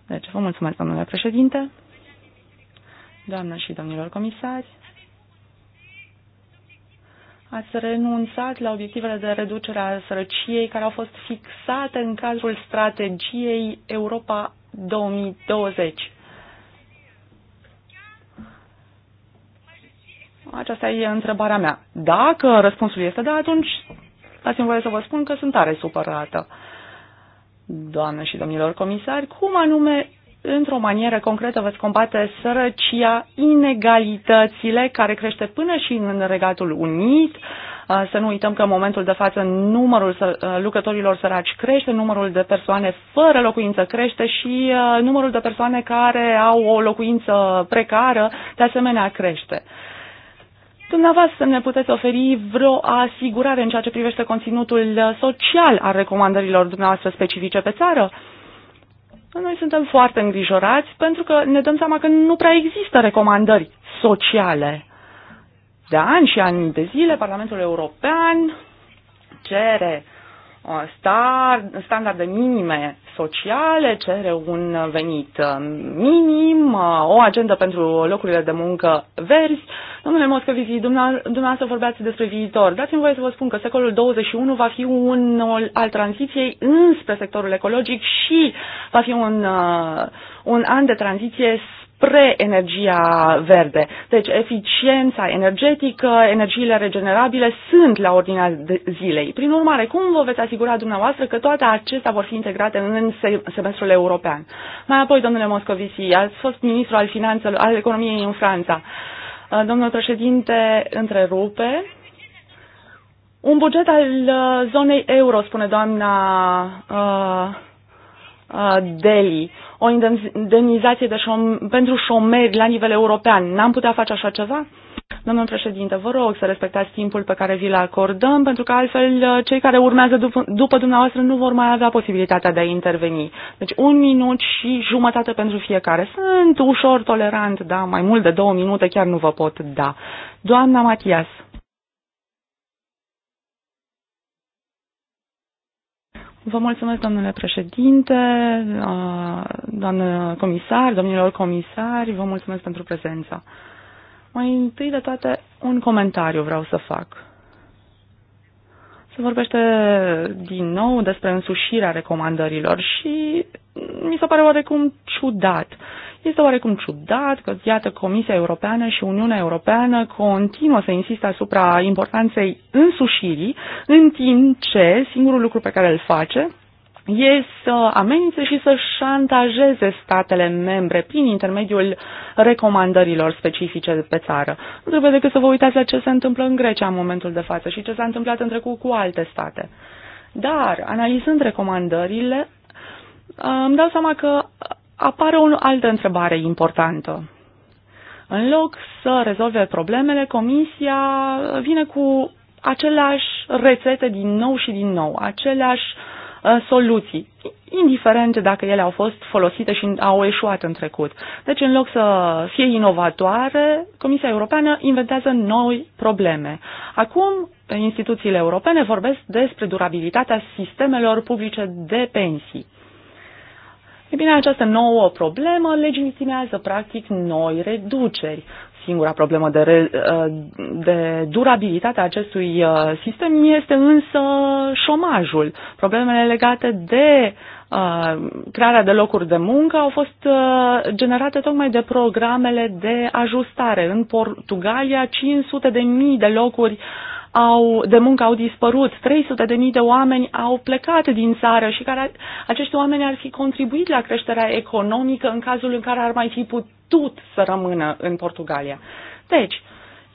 Deci, vă mulțumesc, domnule președinte, doamnă și domnilor comisari. Ați renunțat la obiectivele de reducere a sărăciei care au fost fixate în cadrul strategiei Europa 2020. Aceasta e întrebarea mea. Dacă răspunsul este da, atunci dați-mi voie să vă spun că sunt tare supărată. Doamne și domnilor comisari, cum anume într-o manieră concretă veți combate sărăcia, inegalitățile care crește până și în Regatul Unit. Să nu uităm că în momentul de față numărul lucrătorilor săraci crește, numărul de persoane fără locuință crește și numărul de persoane care au o locuință precară de asemenea crește. Dumneavoastră ne puteți oferi vreo asigurare în ceea ce privește conținutul social al recomandărilor dumneavoastră specifice pe țară? Uh, noi suntem foarte îngrijorați pentru că ne dăm seama că nu prea există recomandări sociale. De ani și ani de zile, Parlamentul European cere star, standarde minime sociale, cere un venit uh, minim, uh, o agendă pentru locurile de muncă verzi. Domnule Moscovici, dumneavoastră vorbeați despre viitor. Dați-mi voie să vă spun că secolul 21 va fi unul al tranziției înspre sectorul ecologic și va fi un, uh, un an de tranziție spre energia verde. Deci eficiența energetică, energiile regenerabile sunt la ordinea zilei. Prin urmare, cum vă veți asigura dumneavoastră că toate acestea vor fi integrate în semestrul european? Mai apoi, domnule Moscovici, ați fost ministru al finanțelor, al economiei în Franța. Uh, domnul președinte întrerupe. Un buget al uh, zonei euro, spune doamna uh, Uh, Delhi, o indemnizație de șom- pentru șomeri la nivel european. N-am putea face așa ceva? Domnul președinte, vă rog să respectați timpul pe care vi-l acordăm, pentru că altfel uh, cei care urmează dup- după dumneavoastră nu vor mai avea posibilitatea de a interveni. Deci un minut și jumătate pentru fiecare. Sunt ușor tolerant, da, mai mult de două minute chiar nu vă pot da. Doamna Matias. Vă mulțumesc, domnule președinte, doamnă comisar, domnilor comisari, vă mulțumesc pentru prezența. Mai întâi de toate, un comentariu vreau să fac. Se vorbește din nou despre însușirea recomandărilor și mi se pare oarecum ciudat. Uh, este oarecum ciudat că, iată, Comisia Europeană și Uniunea Europeană continuă să insiste asupra importanței însușirii, în timp ce singurul lucru pe care îl face e să amenințe și să șantajeze statele membre prin intermediul recomandărilor specifice pe țară. Nu trebuie decât să vă uitați la ce se întâmplă în Grecia în momentul de față și ce s-a întâmplat în trecut cu alte state. Dar, analizând recomandările, îmi dau seama că apare o altă întrebare importantă. În loc să rezolve problemele, comisia vine cu aceleași rețete din nou și din nou, aceleași uh, soluții, indiferent dacă ele au fost folosite și au eșuat în trecut. Deci, în loc să fie inovatoare, Comisia Europeană inventează noi probleme. Acum, instituțiile europene vorbesc despre durabilitatea sistemelor publice de pensii. E bine, această nouă problemă legitimează practic noi reduceri. Singura problemă de, re, uh, de durabilitate a acestui uh, sistem este însă șomajul. Problemele legate de uh, crearea de locuri de muncă au fost uh, generate tocmai de programele de ajustare. În Portugalia, 500 de mii de locuri uh, au, de muncă au dispărut, 300 de mii de oameni au plecat din țară și care acești oameni ar fi contribuit la creșterea economică în cazul în care ar mai fi putut să rămână în Portugalia. Deci,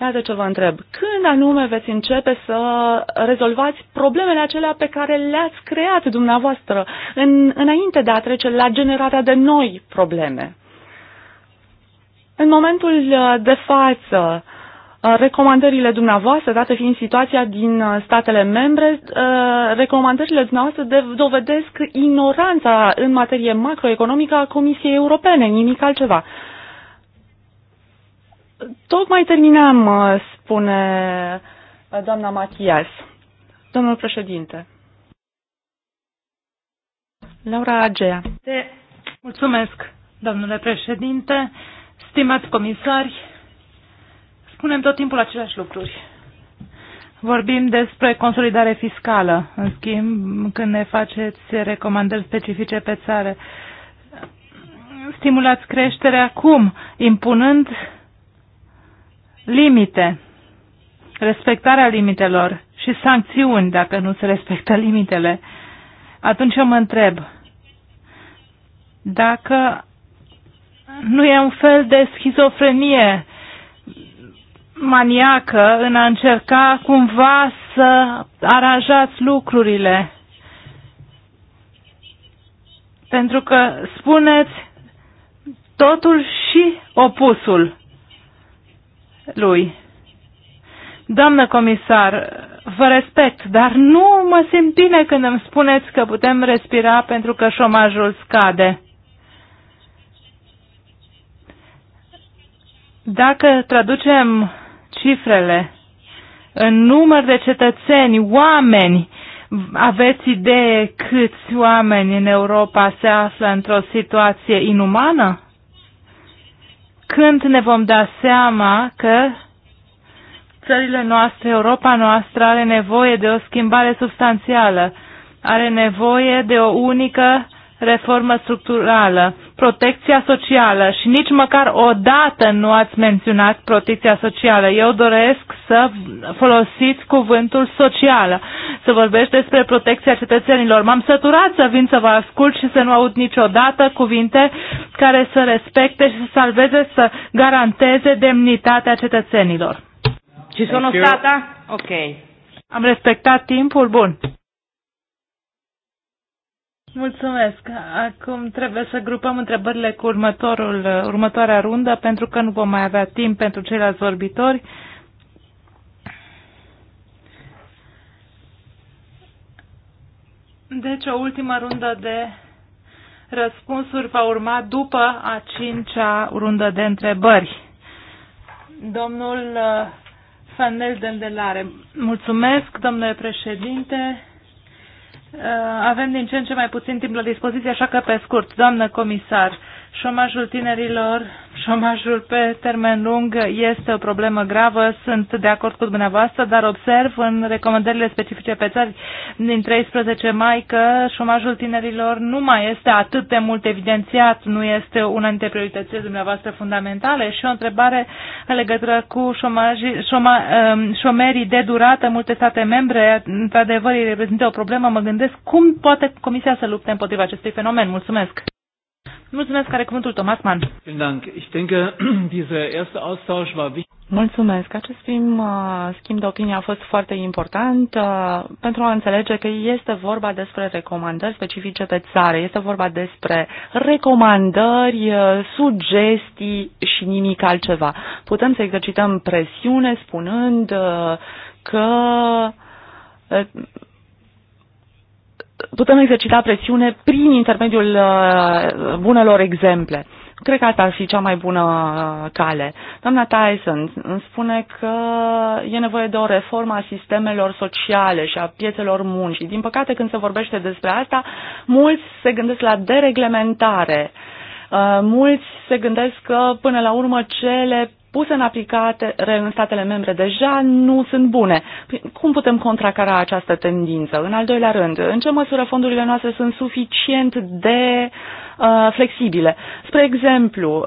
Iată ce vă întreb. Când anume veți începe să rezolvați problemele acelea pe care le-ați creat dumneavoastră în, înainte de a trece la generarea de noi probleme? În momentul uh, de față, Uh, recomandările dumneavoastră, dată fiind situația din uh, statele membre, uh, recomandările dumneavoastră dovedesc ignoranța în materie macroeconomică a Comisiei Europene, nimic altceva. Tocmai terminam, spune doamna Matias. Domnul președinte. Laura Agea. Mulțumesc, domnule președinte, stimați comisari, spunem tot timpul aceleași lucruri. Vorbim despre consolidare fiscală, în schimb, când ne faceți recomandări specifice pe țară. Stimulați creșterea acum, impunând limite, respectarea limitelor și sancțiuni dacă nu se respectă limitele. Atunci eu mă întreb dacă nu e un fel de schizofrenie maniacă în a încerca cumva să aranjați lucrurile. Pentru că spuneți totul și opusul lui. Doamnă comisar, vă respect, dar nu mă simt bine când îmi spuneți că putem respira pentru că șomajul scade. Dacă traducem cifrele, în număr de cetățeni, oameni, aveți idee câți oameni în Europa se află într-o situație inumană? Când ne vom da seama că țările noastre, Europa noastră are nevoie de o schimbare substanțială, are nevoie de o unică reformă structurală, protecția socială și nici măcar o dată nu ați menționat protecția socială. Eu doresc să folosiți cuvântul socială, să vorbești despre protecția cetățenilor. M-am săturat să vin să vă ascult și să nu aud niciodată cuvinte care să respecte și să salveze, să garanteze demnitatea cetățenilor. Ci sono stata? Ok. Am respectat timpul? Bun. Mulțumesc. Acum trebuie să grupăm întrebările cu următorul, următoarea rundă, pentru că nu vom mai avea timp pentru ceilalți vorbitori. Deci o ultimă rundă de răspunsuri va urma după a cincea rundă de întrebări. Domnul Fanel uh, Dendelare, mulțumesc, domnule președinte. Uh, avem din ce în ce mai puțin timp la dispoziție, așa că pe scurt, doamnă comisar, Șomajul tinerilor, șomajul pe termen lung este o problemă gravă, sunt de acord cu dumneavoastră, dar observ în recomandările specifice pe țări din 13 mai că șomajul tinerilor nu mai este atât de mult evidențiat, nu este una dintre prioritățile dumneavoastră fundamentale și o întrebare în legătură cu șomaji, șoma, um, șomerii de durată, multe state membre, într-adevăr, reprezintă o problemă, mă gândesc cum poate Comisia să lupte împotriva acestui fenomen. Mulțumesc! Mulțumesc, care cuvântul Thomas Mann. Mulțumesc. Acest prim uh, schimb de opinie a fost foarte important uh, pentru a înțelege că este vorba despre recomandări specifice pe țară. Este vorba despre recomandări, uh, sugestii și nimic altceva. Putem să exercităm presiune spunând că putem exercita presiune prin intermediul uh, bunelor exemple. Cred că asta ar fi cea mai bună uh, cale. Doamna Tyson îmi spune că e nevoie de o reformă a sistemelor sociale și a piețelor muncii. Din păcate, când se vorbește despre asta, mulți se gândesc la dereglementare. Uh, mulți se gândesc că, până la urmă, cele puse în aplicare în statele membre deja nu sunt bune. Cum putem contracara această tendință? În al doilea rând, în ce măsură fondurile noastre sunt suficient de uh, flexibile? Spre exemplu, uh,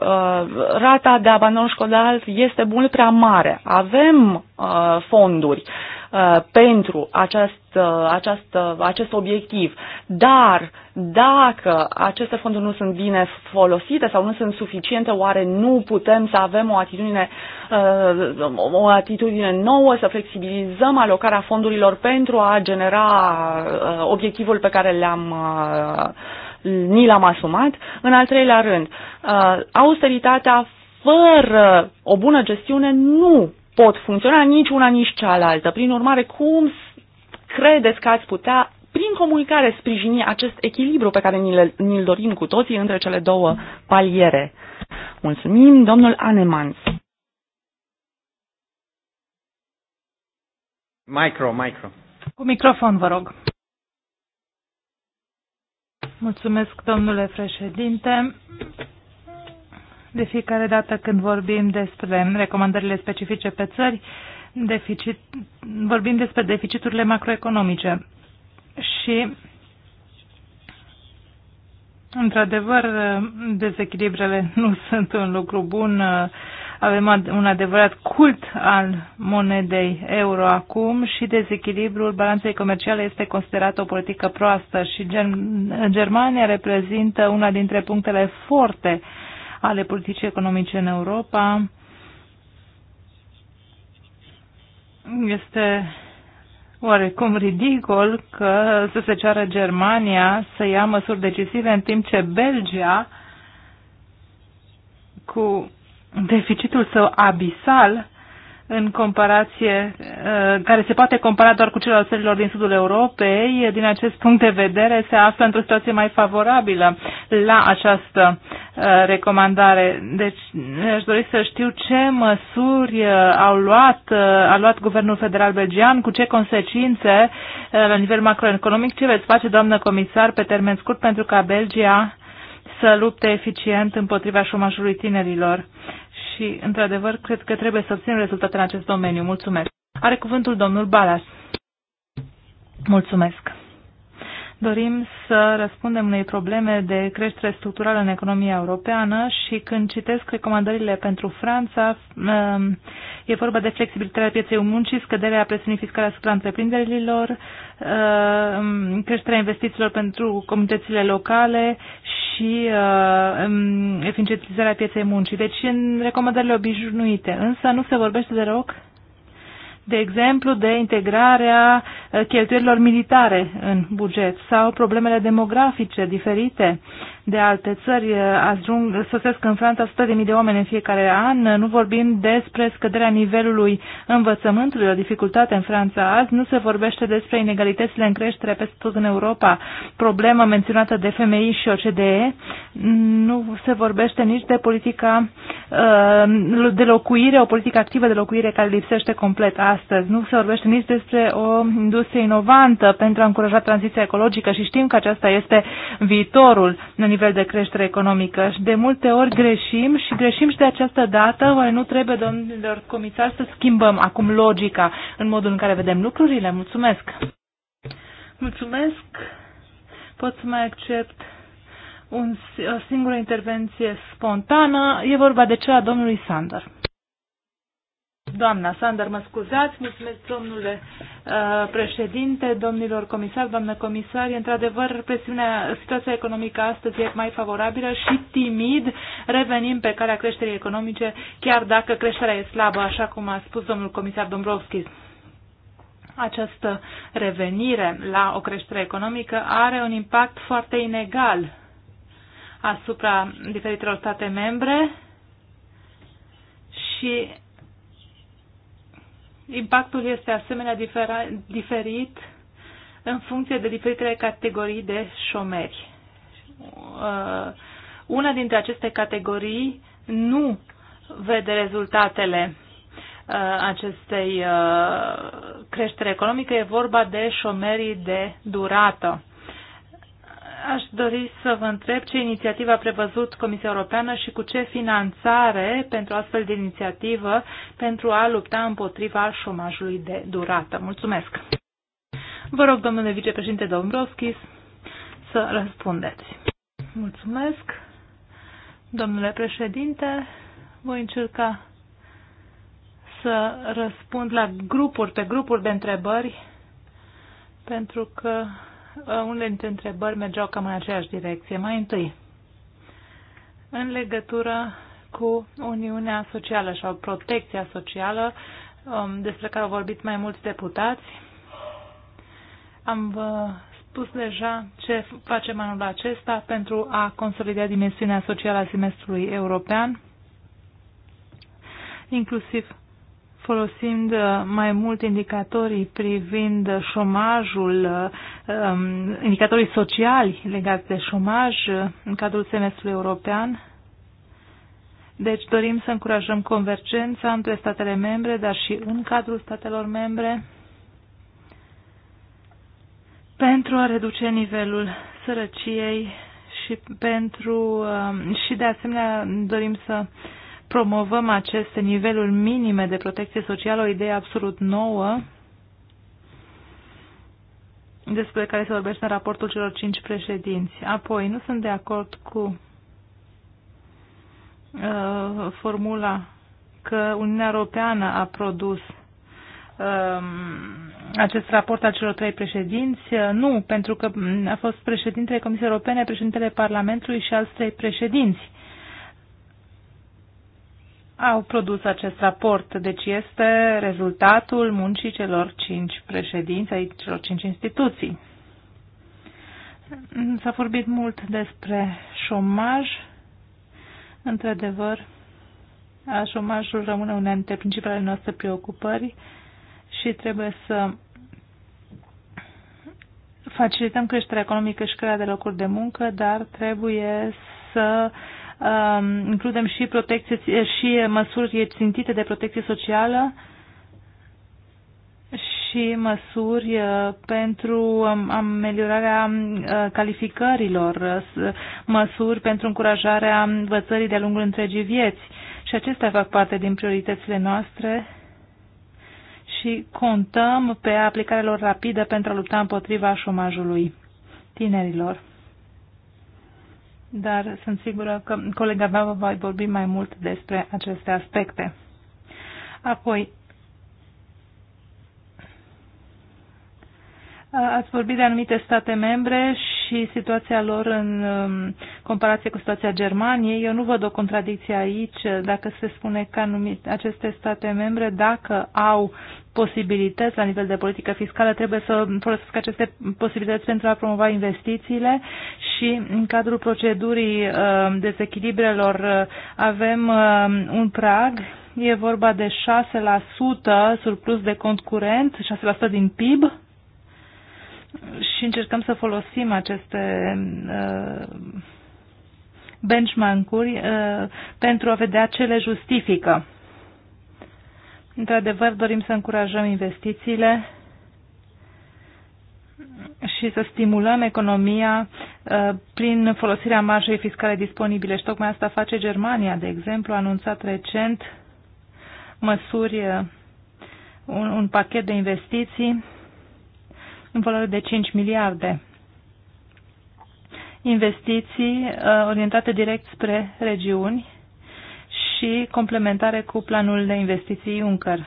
rata de abandon școlar este mult prea mare. Avem uh, fonduri. Uh, Uh, pentru acest, uh, acest, uh, acest obiectiv. Dar dacă aceste fonduri nu sunt bine folosite sau nu sunt suficiente, oare nu putem să avem o atitudine, o atitudine nouă, să flexibilizăm alocarea fondurilor pentru a genera obiectivul pe care le-am ni l-am asumat. În al treilea rând, austeritatea fără o bună gestiune nu pot funcționa nici una, nici cealaltă. Prin urmare, cum credeți că ați putea, prin comunicare, sprijini acest echilibru pe care ni-l, ni dorim cu toții între cele două paliere? Mulțumim, domnul Anemans. Micro, micro. Cu microfon, vă rog. Mulțumesc, domnule președinte de fiecare dată când vorbim despre recomandările specifice pe țări, deficit, vorbim despre deficiturile macroeconomice. Și, într-adevăr, dezechilibrele nu sunt un lucru bun. Avem un adevărat cult al monedei euro acum și dezechilibrul balanței comerciale este considerat o politică proastă și Germania reprezintă una dintre punctele forte uh, ale politicii economice în Europa este oarecum ridicol că să se ceară Germania să ia măsuri decisive în timp ce Belgia cu deficitul său abisal în comparație, uh, care se poate compara doar cu celelalte țărilor din sudul Europei, din acest punct de vedere se află într-o situație mai favorabilă la această uh, recomandare. Deci aș dori să știu ce măsuri uh, au luat, a luat Guvernul Federal Belgian, cu ce consecințe la nivel macroeconomic, ce veți face, doamnă comisar, pe termen scurt pentru ca Belgia să lupte eficient împotriva șomajului tinerilor și, într-adevăr, cred că trebuie să obținem rezultate în acest domeniu. Mulțumesc. Are cuvântul domnul Balas. Mulțumesc. Dorim să răspundem unei probleme de creștere structurală în economia europeană și când citesc recomandările pentru Franța, um, e vorba de flexibilitatea pieței muncii, scăderea presiunii fiscale asupra întreprinderilor, um, creșterea investițiilor pentru comunitățile locale și uh, eficientizarea pieței muncii. Deci în recomandările obișnuite. Însă nu se vorbește deloc, de exemplu, de integrarea uh, cheltuielilor militare în buget sau problemele demografice diferite de alte țări uh, ajung, sosesc în Franța 100.000 de oameni în fiecare an. Nu vorbim despre scăderea nivelului învățământului, o dificultate în Franța azi. Nu se vorbește despre inegalitățile în creștere peste tot în Europa, problemă menționată de FMI și OCDE. Nu se vorbește nici de politica uh, de locuire, o politică activă de locuire care lipsește complet astăzi. Nu se vorbește nici despre o industrie inovantă pentru a încuraja tranziția ecologică și știm că aceasta este viitorul în nivel de creștere economică și de multe ori greșim și greșim și de această dată, oare nu trebuie, domnilor comisar, să schimbăm acum logica în modul în care vedem lucrurile? Mulțumesc! Mulțumesc! Pot să mai accept un, o singură intervenție spontană. E vorba de cea a domnului Sander. Doamna Sander, mă scuzați, mulțumesc domnule uh, președinte, domnilor comisari, doamnă comisari. Într-adevăr, presiunea, situația economică astăzi e mai favorabilă și timid revenim pe calea creșterii economice, chiar dacă creșterea e slabă, așa cum a spus domnul comisar Dombrovski. această revenire la o creștere economică are un impact foarte inegal asupra diferitelor state membre și Impactul este asemenea diferit în funcție de diferitele categorii de șomeri. Uh, una dintre aceste categorii nu vede rezultatele uh, acestei uh, creșteri economice, e vorba de șomerii de durată. Aș dori să vă întreb ce inițiativă a prevăzut Comisia Europeană și cu ce finanțare pentru astfel de inițiativă pentru a lupta împotriva șomajului de durată. Mulțumesc! Vă rog, domnule vicepreședinte Dombrovskis, să răspundeți. Mulțumesc. Domnule președinte, voi încerca să răspund la grupuri, pe grupuri de întrebări, pentru că Uh, unele dintre întrebări mergeau cam în aceeași direcție. Mai întâi, în legătură cu Uniunea Socială sau protecția socială, um, despre care au vorbit mai mulți deputați, am uh, spus deja ce facem anul acesta pentru a consolida dimensiunea socială a semestrului european, inclusiv folosind uh, mai mult indicatorii privind șomajul, uh, um, indicatorii sociali legați de șomaj uh, în cadrul semestrului european. Deci dorim să încurajăm convergența între statele membre, dar și în cadrul statelor membre, pentru a reduce nivelul sărăciei și pentru și de asemenea dorim să uh, promovăm aceste niveluri minime de protecție socială, o idee absolut nouă despre care se vorbește în raportul celor cinci președinți. Apoi, nu sunt de acord cu uh, formula că Uniunea Europeană a produs um, acest raport al celor trei președinți. Uh, nu, pentru că a fost președintele Comisiei Europene, președintele Parlamentului și alți trei președinți au produs acest raport. Deci este rezultatul muncii celor cinci președinți ai celor cinci instituții. S-a vorbit mult despre șomaj. Într-adevăr, șomajul rămâne una dintre principalele noastre preocupări și trebuie să facilităm creșterea economică și crearea de locuri de muncă, dar trebuie să Um, includem și, protecție, și măsuri țintite de protecție socială și măsuri uh, pentru um, ameliorarea uh, calificărilor, uh, măsuri pentru încurajarea învățării de-a lungul întregii vieți. Și acestea fac parte din prioritățile noastre și contăm pe aplicarea lor rapidă pentru a lupta împotriva șomajului tinerilor dar sunt sigură că colega mea vă va vorbi mai mult despre aceste aspecte. Apoi, Ați vorbit de anumite state membre și situația lor în um, comparație cu situația Germaniei. Eu nu văd o contradicție aici dacă se spune că anumite, aceste state membre, dacă au posibilități la nivel de politică fiscală, trebuie să folosesc aceste posibilități pentru a promova investițiile și în cadrul procedurii uh, dezechilibrelor uh, avem uh, un prag, e vorba de 6% surplus de cont curent, 6% din PIB și încercăm să folosim aceste benchmark-uri pentru a vedea ce le justifică Într-adevăr, dorim să încurajăm investițiile și să stimulăm economia uh, prin folosirea marjei fiscale disponibile. Și tocmai asta face Germania, de exemplu, a anunțat recent măsuri, uh, un, un pachet de investiții în valoare de 5 miliarde. Investiții uh, orientate direct spre regiuni și complementare cu planul de investiții Juncker.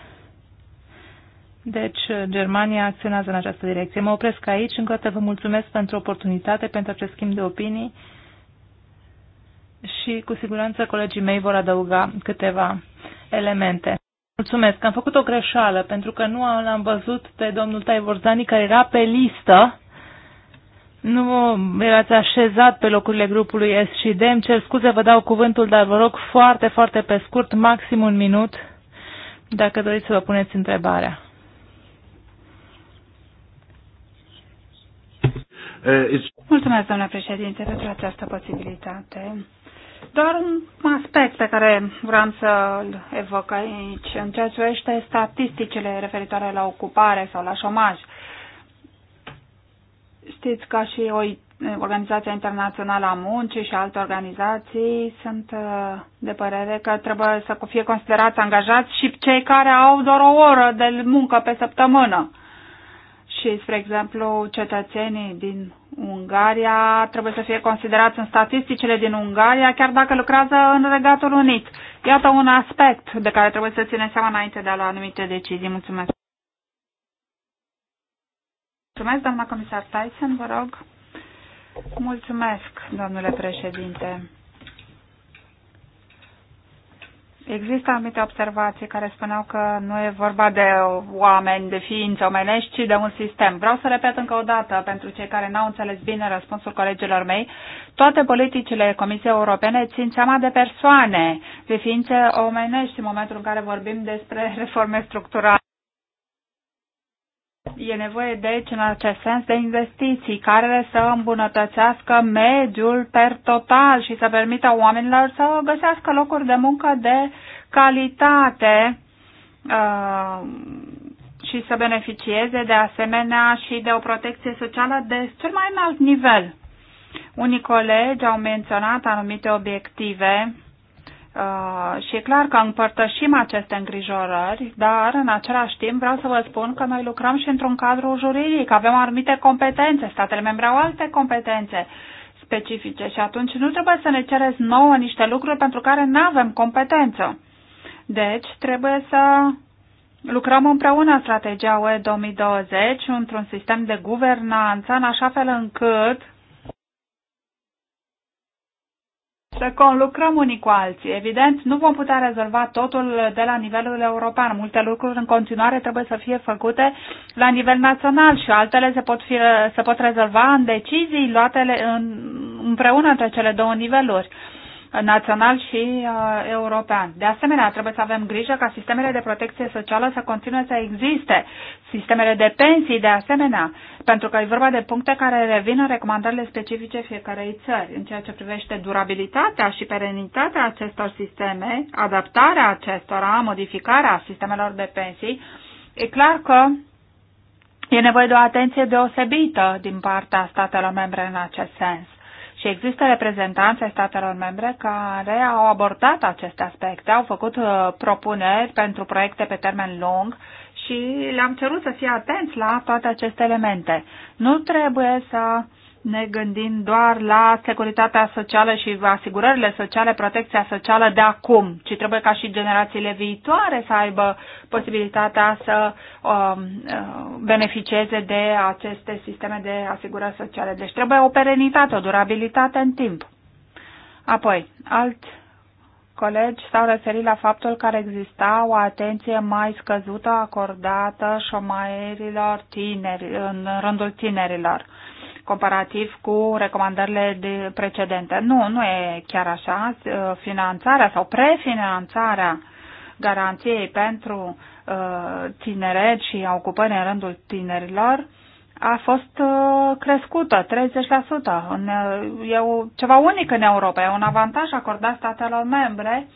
Deci, Germania acționează în această direcție. Mă opresc aici. Încă o vă mulțumesc pentru oportunitate, pentru acest schimb de opinii și cu siguranță colegii mei vor adăuga câteva elemente. Mulțumesc. Am făcut o greșeală pentru că nu l-am văzut pe domnul Taivorzani care era pe listă nu erați așezat pe locurile grupului S și D. Îmi cer scuze, vă dau cuvântul, dar vă rog foarte, foarte pe scurt, maxim un minut, dacă doriți să vă puneți întrebarea. Eh, Mulțumesc, domnule președinte, pentru această posibilitate. Doar un aspect pe care vreau să-l evoc aici, în ceea ce statisticile referitoare la ocupare sau la șomaj. Uh, Știți ca și o Organizația Internațională a Muncii și alte organizații sunt uh, de părere că trebuie să fie considerați angajați și cei care au doar o oră de muncă pe săptămână. Și, spre exemplu, cetățenii din Ungaria trebuie să fie considerați în statisticile din Ungaria, chiar dacă lucrează în Regatul Unit. Iată un aspect de care trebuie să ținem seama înainte de a lua anumite decizii. Mulțumesc! Mulțumesc, doamna comisar Tyson, vă rog. Mulțumesc, domnule președinte. Există anumite observații care spuneau că nu e vorba de oameni, de ființe omenești, ci de un sistem. Vreau să repet încă o dată, pentru cei care n-au înțeles bine răspunsul colegilor mei, toate politicile Comisiei Europene țin seama de persoane, de ființe omenești în momentul în care vorbim despre reforme structurale. E nevoie, deci, în acest sens, de investiții care să îmbunătățească mediul per total și să permită oamenilor să găsească locuri de muncă de calitate uh, și să beneficieze, de asemenea, și de o protecție socială de cel mai înalt nivel. Unii colegi au menționat anumite obiective Uh, și e clar că împărtășim aceste îngrijorări, dar în același timp vreau să vă spun că noi lucrăm și într-un cadru juridic, avem anumite competențe, statele membre au alte competențe specifice și atunci nu trebuie să ne cereți nouă niște lucruri pentru care nu avem competență. Deci trebuie să lucrăm împreună strategia UE 2020 într-un sistem de guvernanță în așa fel încât să conlucrăm unii cu alții. Evident, nu vom putea rezolva totul de la nivelul european. Multe lucruri în continuare trebuie să fie făcute la nivel național și altele se pot, fi, se pot rezolva în decizii luate împreună între cele două niveluri național și uh, european. De asemenea, trebuie să avem grijă ca sistemele de protecție socială să continue să existe, sistemele de pensii de asemenea, pentru că e vorba de puncte care revin în recomandările specifice fiecarei țări, în ceea ce privește durabilitatea și perenitatea acestor sisteme, adaptarea acestora, modificarea sistemelor de pensii, e clar că e nevoie de o atenție deosebită din partea statelor membre în acest sens. Și există reprezentanțe statelor membre care au abordat aceste aspecte, au făcut uh, propuneri pentru proiecte pe termen lung și le-am cerut să fie atenți la toate aceste elemente. Nu trebuie să uh, ne gândim doar la securitatea socială și asigurările sociale, protecția socială de acum, ci trebuie ca și generațiile viitoare să aibă posibilitatea să um, uh, beneficieze de aceste sisteme de asigurări sociale. Deci trebuie o perenitate, o durabilitate în timp. Apoi, alt colegi s-au referit la faptul că ar exista o atenție mai scăzută acordată șomaierilor tineri, în rândul tinerilor. Uh, comparativ cu recomandările de precedente. Nu, nu e chiar așa. Finanțarea sau prefinanțarea garanției pentru uh, tineret și ocupări în rândul tinerilor a fost uh, crescută 30%. Uh, e ceva unic în Europa, e un avantaj acordat statelor membre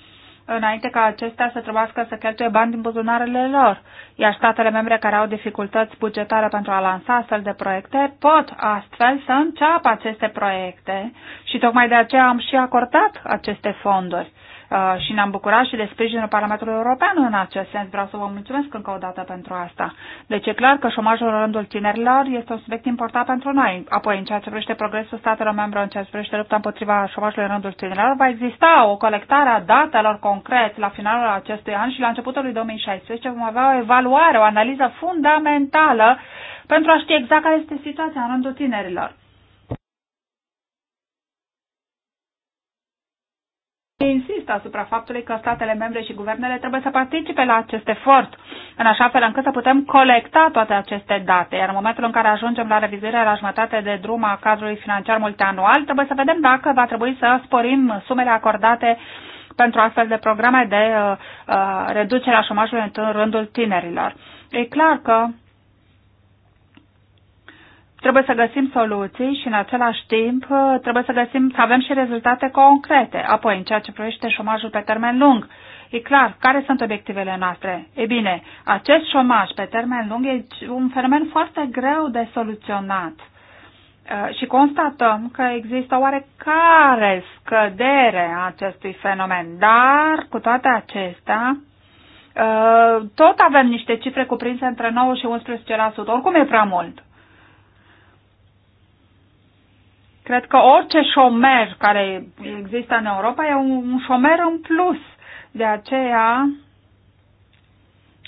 înainte ca acestea să trebuiască să cheltuie bani din buzunarele lor, iar statele membre care au dificultăți bugetare pentru a lansa astfel de proiecte pot astfel să înceapă aceste proiecte și tocmai de aceea am și acordat aceste fonduri. Uh, și ne-am bucurat și de sprijinul Parlamentului European în acest sens. Vreau să vă mulțumesc încă o dată pentru asta. Deci e clar că șomajul în rândul tinerilor este un subiect important pentru noi. Apoi, în ceea ce privește progresul statelor membre, în ceea ce privește lupta împotriva șomajului în rândul tinerilor, va exista o colectare a datelor concret la finalul acestui an și la începutul lui 2016 vom avea o evaluare, o analiză fundamentală pentru a ști exact care este situația în rândul tinerilor. insist asupra faptului că statele membre și guvernele trebuie să participe la acest efort, în așa fel încât să putem colecta toate aceste date. Iar în momentul în care ajungem la revizuirea la jumătate de drum a cadrului financiar multianual, trebuie să vedem dacă va trebui să sporim sumele acordate pentru astfel de programe de uh, uh, reducere a șomajului în rândul tinerilor. E clar că Trebuie să găsim soluții și în același timp uh, trebuie să găsim, să avem și rezultate concrete. Apoi, în ceea ce privește șomajul pe termen lung, E clar, care sunt obiectivele noastre? E bine, acest șomaj pe termen lung e un fenomen foarte greu de soluționat. Uh, și constatăm că există oarecare scădere a acestui fenomen, dar cu toate acestea, uh, tot avem niște cifre cuprinse între 9 și 11%, oricum e prea mult. Cred că orice șomer care există în Europa e un șomer în plus. De aceea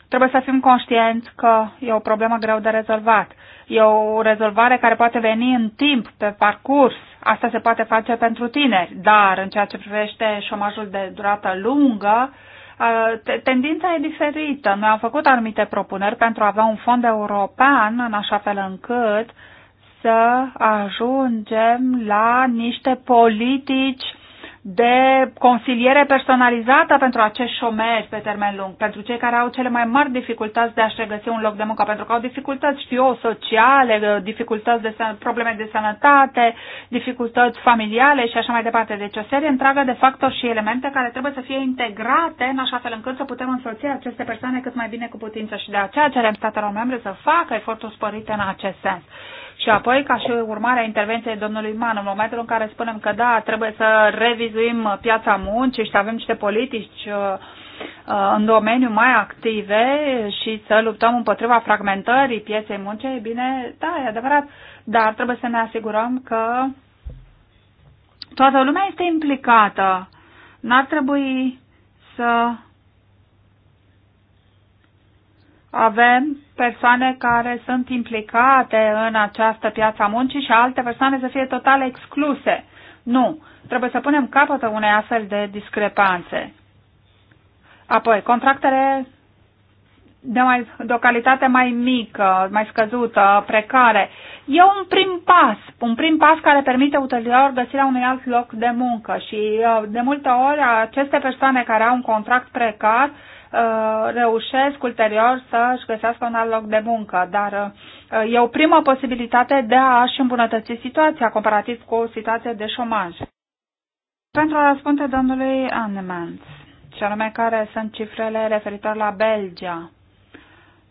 trebuie să fim conștienți că e o problemă greu de rezolvat. E o rezolvare care poate veni în timp, pe parcurs. Asta se poate face pentru tineri, dar în ceea ce privește șomajul de durată lungă, uh, tendința e diferită. Noi am făcut anumite propuneri pentru a avea un fond european în așa fel încât uh, să ajungem la niște politici de consiliere personalizată pentru acești șomeri pe termen lung, pentru cei care au cele mai mari dificultăți de a-și regăsi un loc de muncă, pentru că au dificultăți, știu eu, sociale, dificultăți de probleme de sănătate, dificultăți familiale și așa mai departe. Deci o serie întreagă de factori și elemente care trebuie să fie integrate în așa fel încât să putem însoți aceste persoane cât mai bine cu putință și de aceea cerem statelor membre să facă eforturi spărite în acest sens. Și apoi, ca și urmare a intervenției domnului Man, în momentul în care spunem că da, trebuie să revizuim piața muncii și să avem niște politici uh, uh, în domeniu mai active și să luptăm împotriva fragmentării pieței muncii, bine, da, e adevărat, dar trebuie să ne asigurăm că toată lumea este implicată. N-ar trebui să avem persoane care sunt implicate în această piață a muncii și alte persoane să fie total excluse. Nu. Trebuie să punem capătă unei astfel de discrepanțe. Apoi, contractele de, mai, de o calitate mai mică, mai scăzută, precare. E un prim pas, un prim pas care permite ulterior găsirea unui alt loc de muncă și uh, de multe ori aceste persoane care au un contract precar uh, Uh, reușesc ulterior să-și găsească un alt loc de muncă, dar uh, e o primă posibilitate de a-și îmbunătăți situația comparativ cu o situație de șomaj. Pentru a răspunde domnului Annemans, și anume care sunt cifrele referitor la Belgia.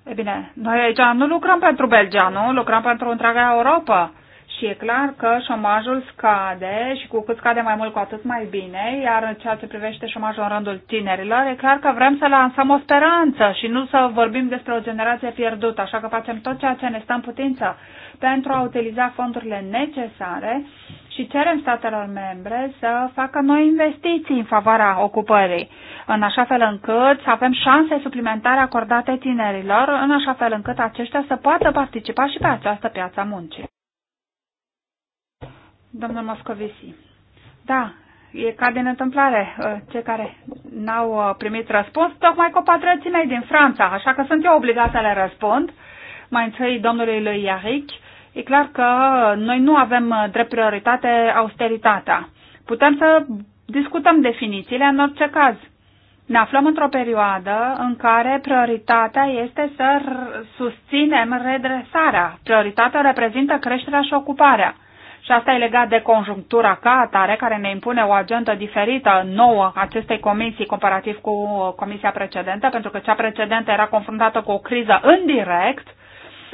E bine, noi aici nu lucrăm pentru Belgia, nu? Lucrăm pentru întreaga Europa. Și e clar că șomajul scade și cu cât scade mai mult, cu atât mai bine, iar în ceea ce privește șomajul în rândul tinerilor, e clar că vrem să lansăm o speranță și nu să vorbim despre o generație pierdută, așa că facem tot ceea ce ne stă în putință pentru a utiliza fondurile necesare și cerem statelor membre să facă noi investiții în favoarea ocupării, în așa fel încât să avem șanse suplimentare acordate tinerilor, în așa fel încât aceștia să poată participa și pe această piață a muncii. Domnul Moscovici. Da, e ca din întâmplare. Uh, cei care n-au uh, primit răspuns, tocmai compatrioții mei din Franța, așa că sunt eu obligat să le răspund. Mai întâi domnului lui Iaric, e clar că uh, noi nu avem drept prioritate austeritatea. Putem să discutăm definițiile în orice caz. Ne aflăm într-o perioadă în care prioritatea este să susținem redresarea. Prioritatea reprezintă creșterea și ocuparea și asta e legat de conjunctura ca atare, care ne impune o agendă diferită, nouă, acestei comisii comparativ cu uh, comisia precedentă, pentru că cea precedentă era confruntată cu o criză în direct.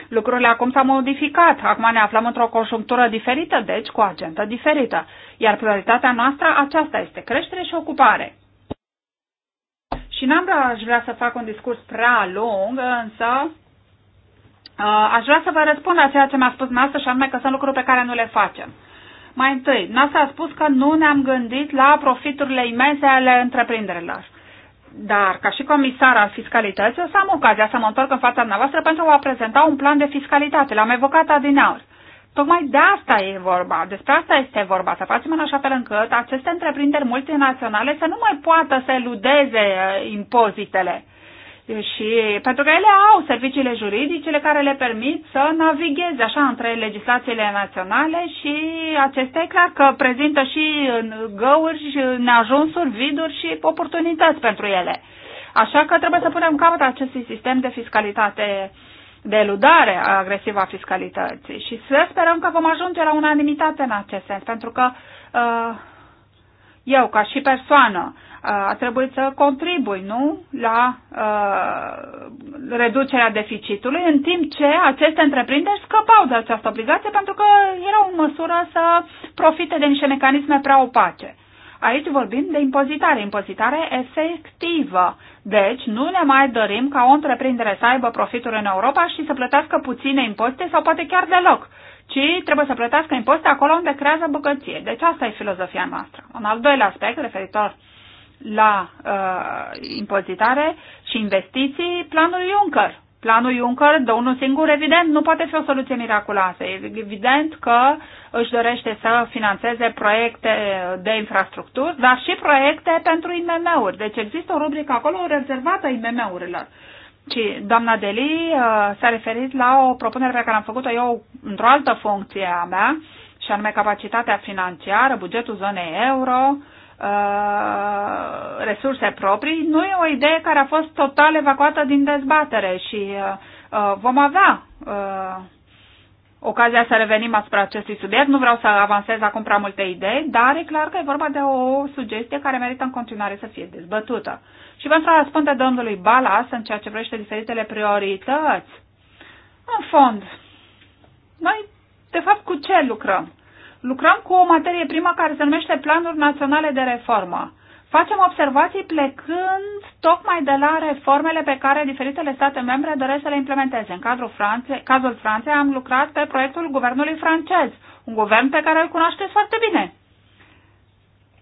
Lucrurile acum s-au modificat. Acum ne aflăm într-o conjunctură diferită, deci cu o agendă diferită. Iar prioritatea noastră aceasta este creștere și ocupare. Și n-am aș vrea să fac un discurs prea lung, însă Uh, aș vrea să vă răspund la ceea ce mi-a spus noastră și anume că sunt lucruri pe care nu le facem. Mai întâi, noastră a spus că nu ne-am gândit la profiturile imense ale întreprinderilor. Dar, ca și comisar al fiscalității, o să am ocazia să mă întorc în fața dumneavoastră pentru a prezenta un plan de fiscalitate. L-am evocat adineauri. Tocmai de asta e vorba, despre asta este vorba, să facem în așa fel încât aceste întreprinderi multinaționale să nu mai poată să eludeze uh, impozitele și pentru că ele au serviciile juridicele care le permit să navigheze așa între legislațiile naționale și acestea e clar că prezintă și găuri, și neajunsuri, viduri și oportunități pentru ele. Așa că trebuie să punem capăt acestui sistem de fiscalitate de eludare agresivă a fiscalității și să sperăm că vom ajunge la unanimitate în acest sens, pentru că uh, eu, ca și persoană, Uh, a trebuit să contribui, nu? La a, uh, reducerea deficitului, în timp ce aceste întreprinderi scăpau de această obligație pentru că erau în măsură să profite de niște mecanisme prea opace. Aici vorbim de impozitare, impozitare efectivă. Deci, nu ne mai dorim ca o întreprindere să aibă profituri în Europa și să plătească puține impozite sau poate chiar deloc, ci trebuie să plătească impozite acolo unde creează bogăție. Deci asta e filozofia noastră. Un al doilea aspect referitor uh, la uh, impozitare și investiții planul Juncker. Planul Juncker de unul singur, evident, nu poate fi o soluție miraculoasă. Evident că își dorește să financeze proiecte de infrastructură, dar și proiecte pentru IMM-uri. Deci există o rubrică acolo rezervată IMM-urilor. Și doamna Deli uh, s-a referit la o propunere pe care am făcut-o eu într-o altă funcție a mea, și anume capacitatea financiară, bugetul zonei euro, uh, Uh, resurse proprii, nu e o idee care a fost total evacuată din dezbatere și uh, uh, vom avea uh, ocazia să revenim asupra acestui subiect. Nu vreau să avansez acum prea multe idei, dar e clar că e vorba de o sugestie care merită în continuare să fie dezbătută. Și pentru a răspunde domnului Balas în ceea ce vrește diferitele priorități, în fond, noi, de fapt, cu ce lucrăm? lucrăm cu o materie primă care se numește Planuri Naționale de Reformă. Facem observații plecând tocmai de la reformele pe care diferitele state membre doresc să le implementeze. În cadrul Franței, cazul Franței am lucrat pe proiectul guvernului francez, un guvern pe care îl cunoașteți foarte bine.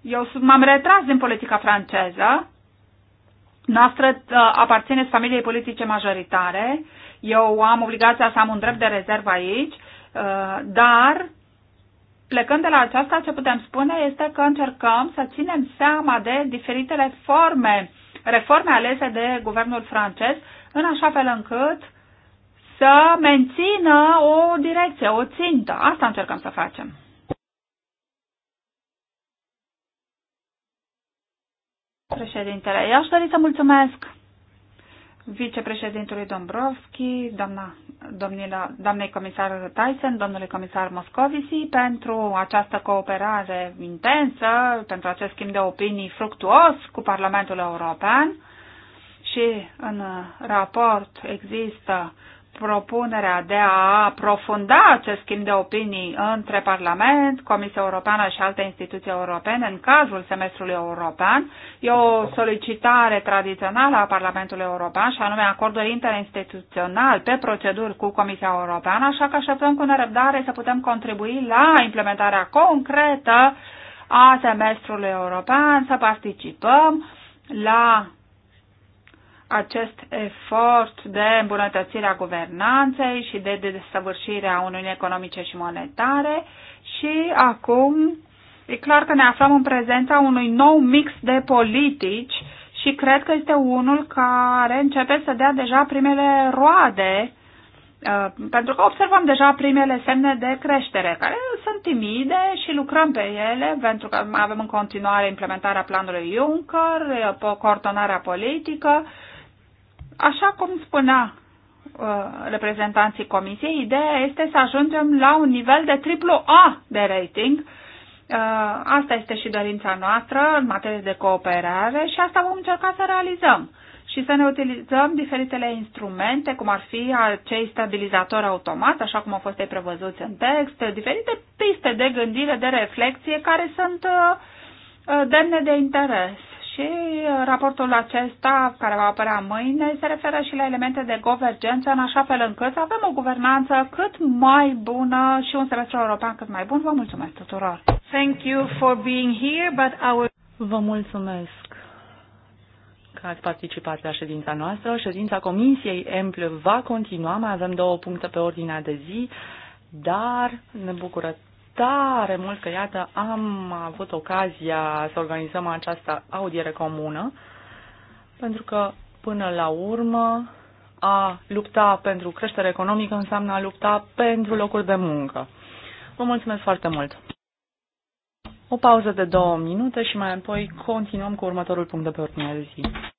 Eu m-am retras din politica franceză, noastră uh, aparțineți familiei politice majoritare, eu am obligația să am un drept de rezervă aici, uh, dar plecând de la aceasta, ce putem spune este că încercăm să ținem seama de diferitele forme, reforme alese de guvernul francez, în așa fel încât să mențină o direcție, o țintă. Asta încercăm să facem. Președintele, eu aș dori să mulțumesc vicepreședintului Dombrovski, doamna, domnila, doamnei comisar Tyson, domnului comisar Moscovici, pentru această cooperare intensă, pentru acest schimb de opinii fructuos cu Parlamentul European și în raport există propunerea de a aprofunda acest schimb de opinii între Parlament, Comisia Europeană și alte instituții europene în cazul semestrului european. E o solicitare tradițională a Parlamentului European și anume acordul interinstituțional pe proceduri cu Comisia Europeană, așa că așteptăm cu nerăbdare să putem contribui la implementarea concretă a semestrului european, să participăm la acest efort de îmbunătățire a guvernanței și de desăvârșire a Uniunii Economice și Monetare și acum e clar că ne aflăm în prezența unui nou mix de politici și cred că este unul care începe să dea deja primele roade uh, pentru că observăm deja primele semne de creștere, care sunt timide și lucrăm pe ele, pentru că mai avem în continuare implementarea planului Juncker, coordonarea politică Așa cum spunea uh, reprezentanții comisiei, ideea este să ajungem la un nivel de triplu A de rating. Uh, asta este și dorința noastră în materie de cooperare și asta vom încerca să realizăm și să ne utilizăm diferitele instrumente, cum ar fi acei stabilizatori automat, așa cum au fost ei prevăzuți în text, diferite piste de gândire, de reflexie care sunt uh, demne de interes și raportul acesta, care va apărea mâine, se referă și la elemente de convergență, în așa fel încât să avem o guvernanță cât mai bună și un semestru european cât mai bun. Vă mulțumesc tuturor! Thank you for being here, but our... Vă mulțumesc că ați participat la ședința noastră. Ședința Comisiei Emple va continua, mai avem două puncte pe ordinea de zi, dar ne bucurăm tare mult că, iată, am avut ocazia să organizăm această audiere comună, pentru că, până la urmă, a lupta pentru creștere economică înseamnă a lupta pentru locuri de muncă. Vă mulțumesc foarte mult! O pauză de două minute și mai apoi continuăm cu următorul punct de pe ordinea de zi.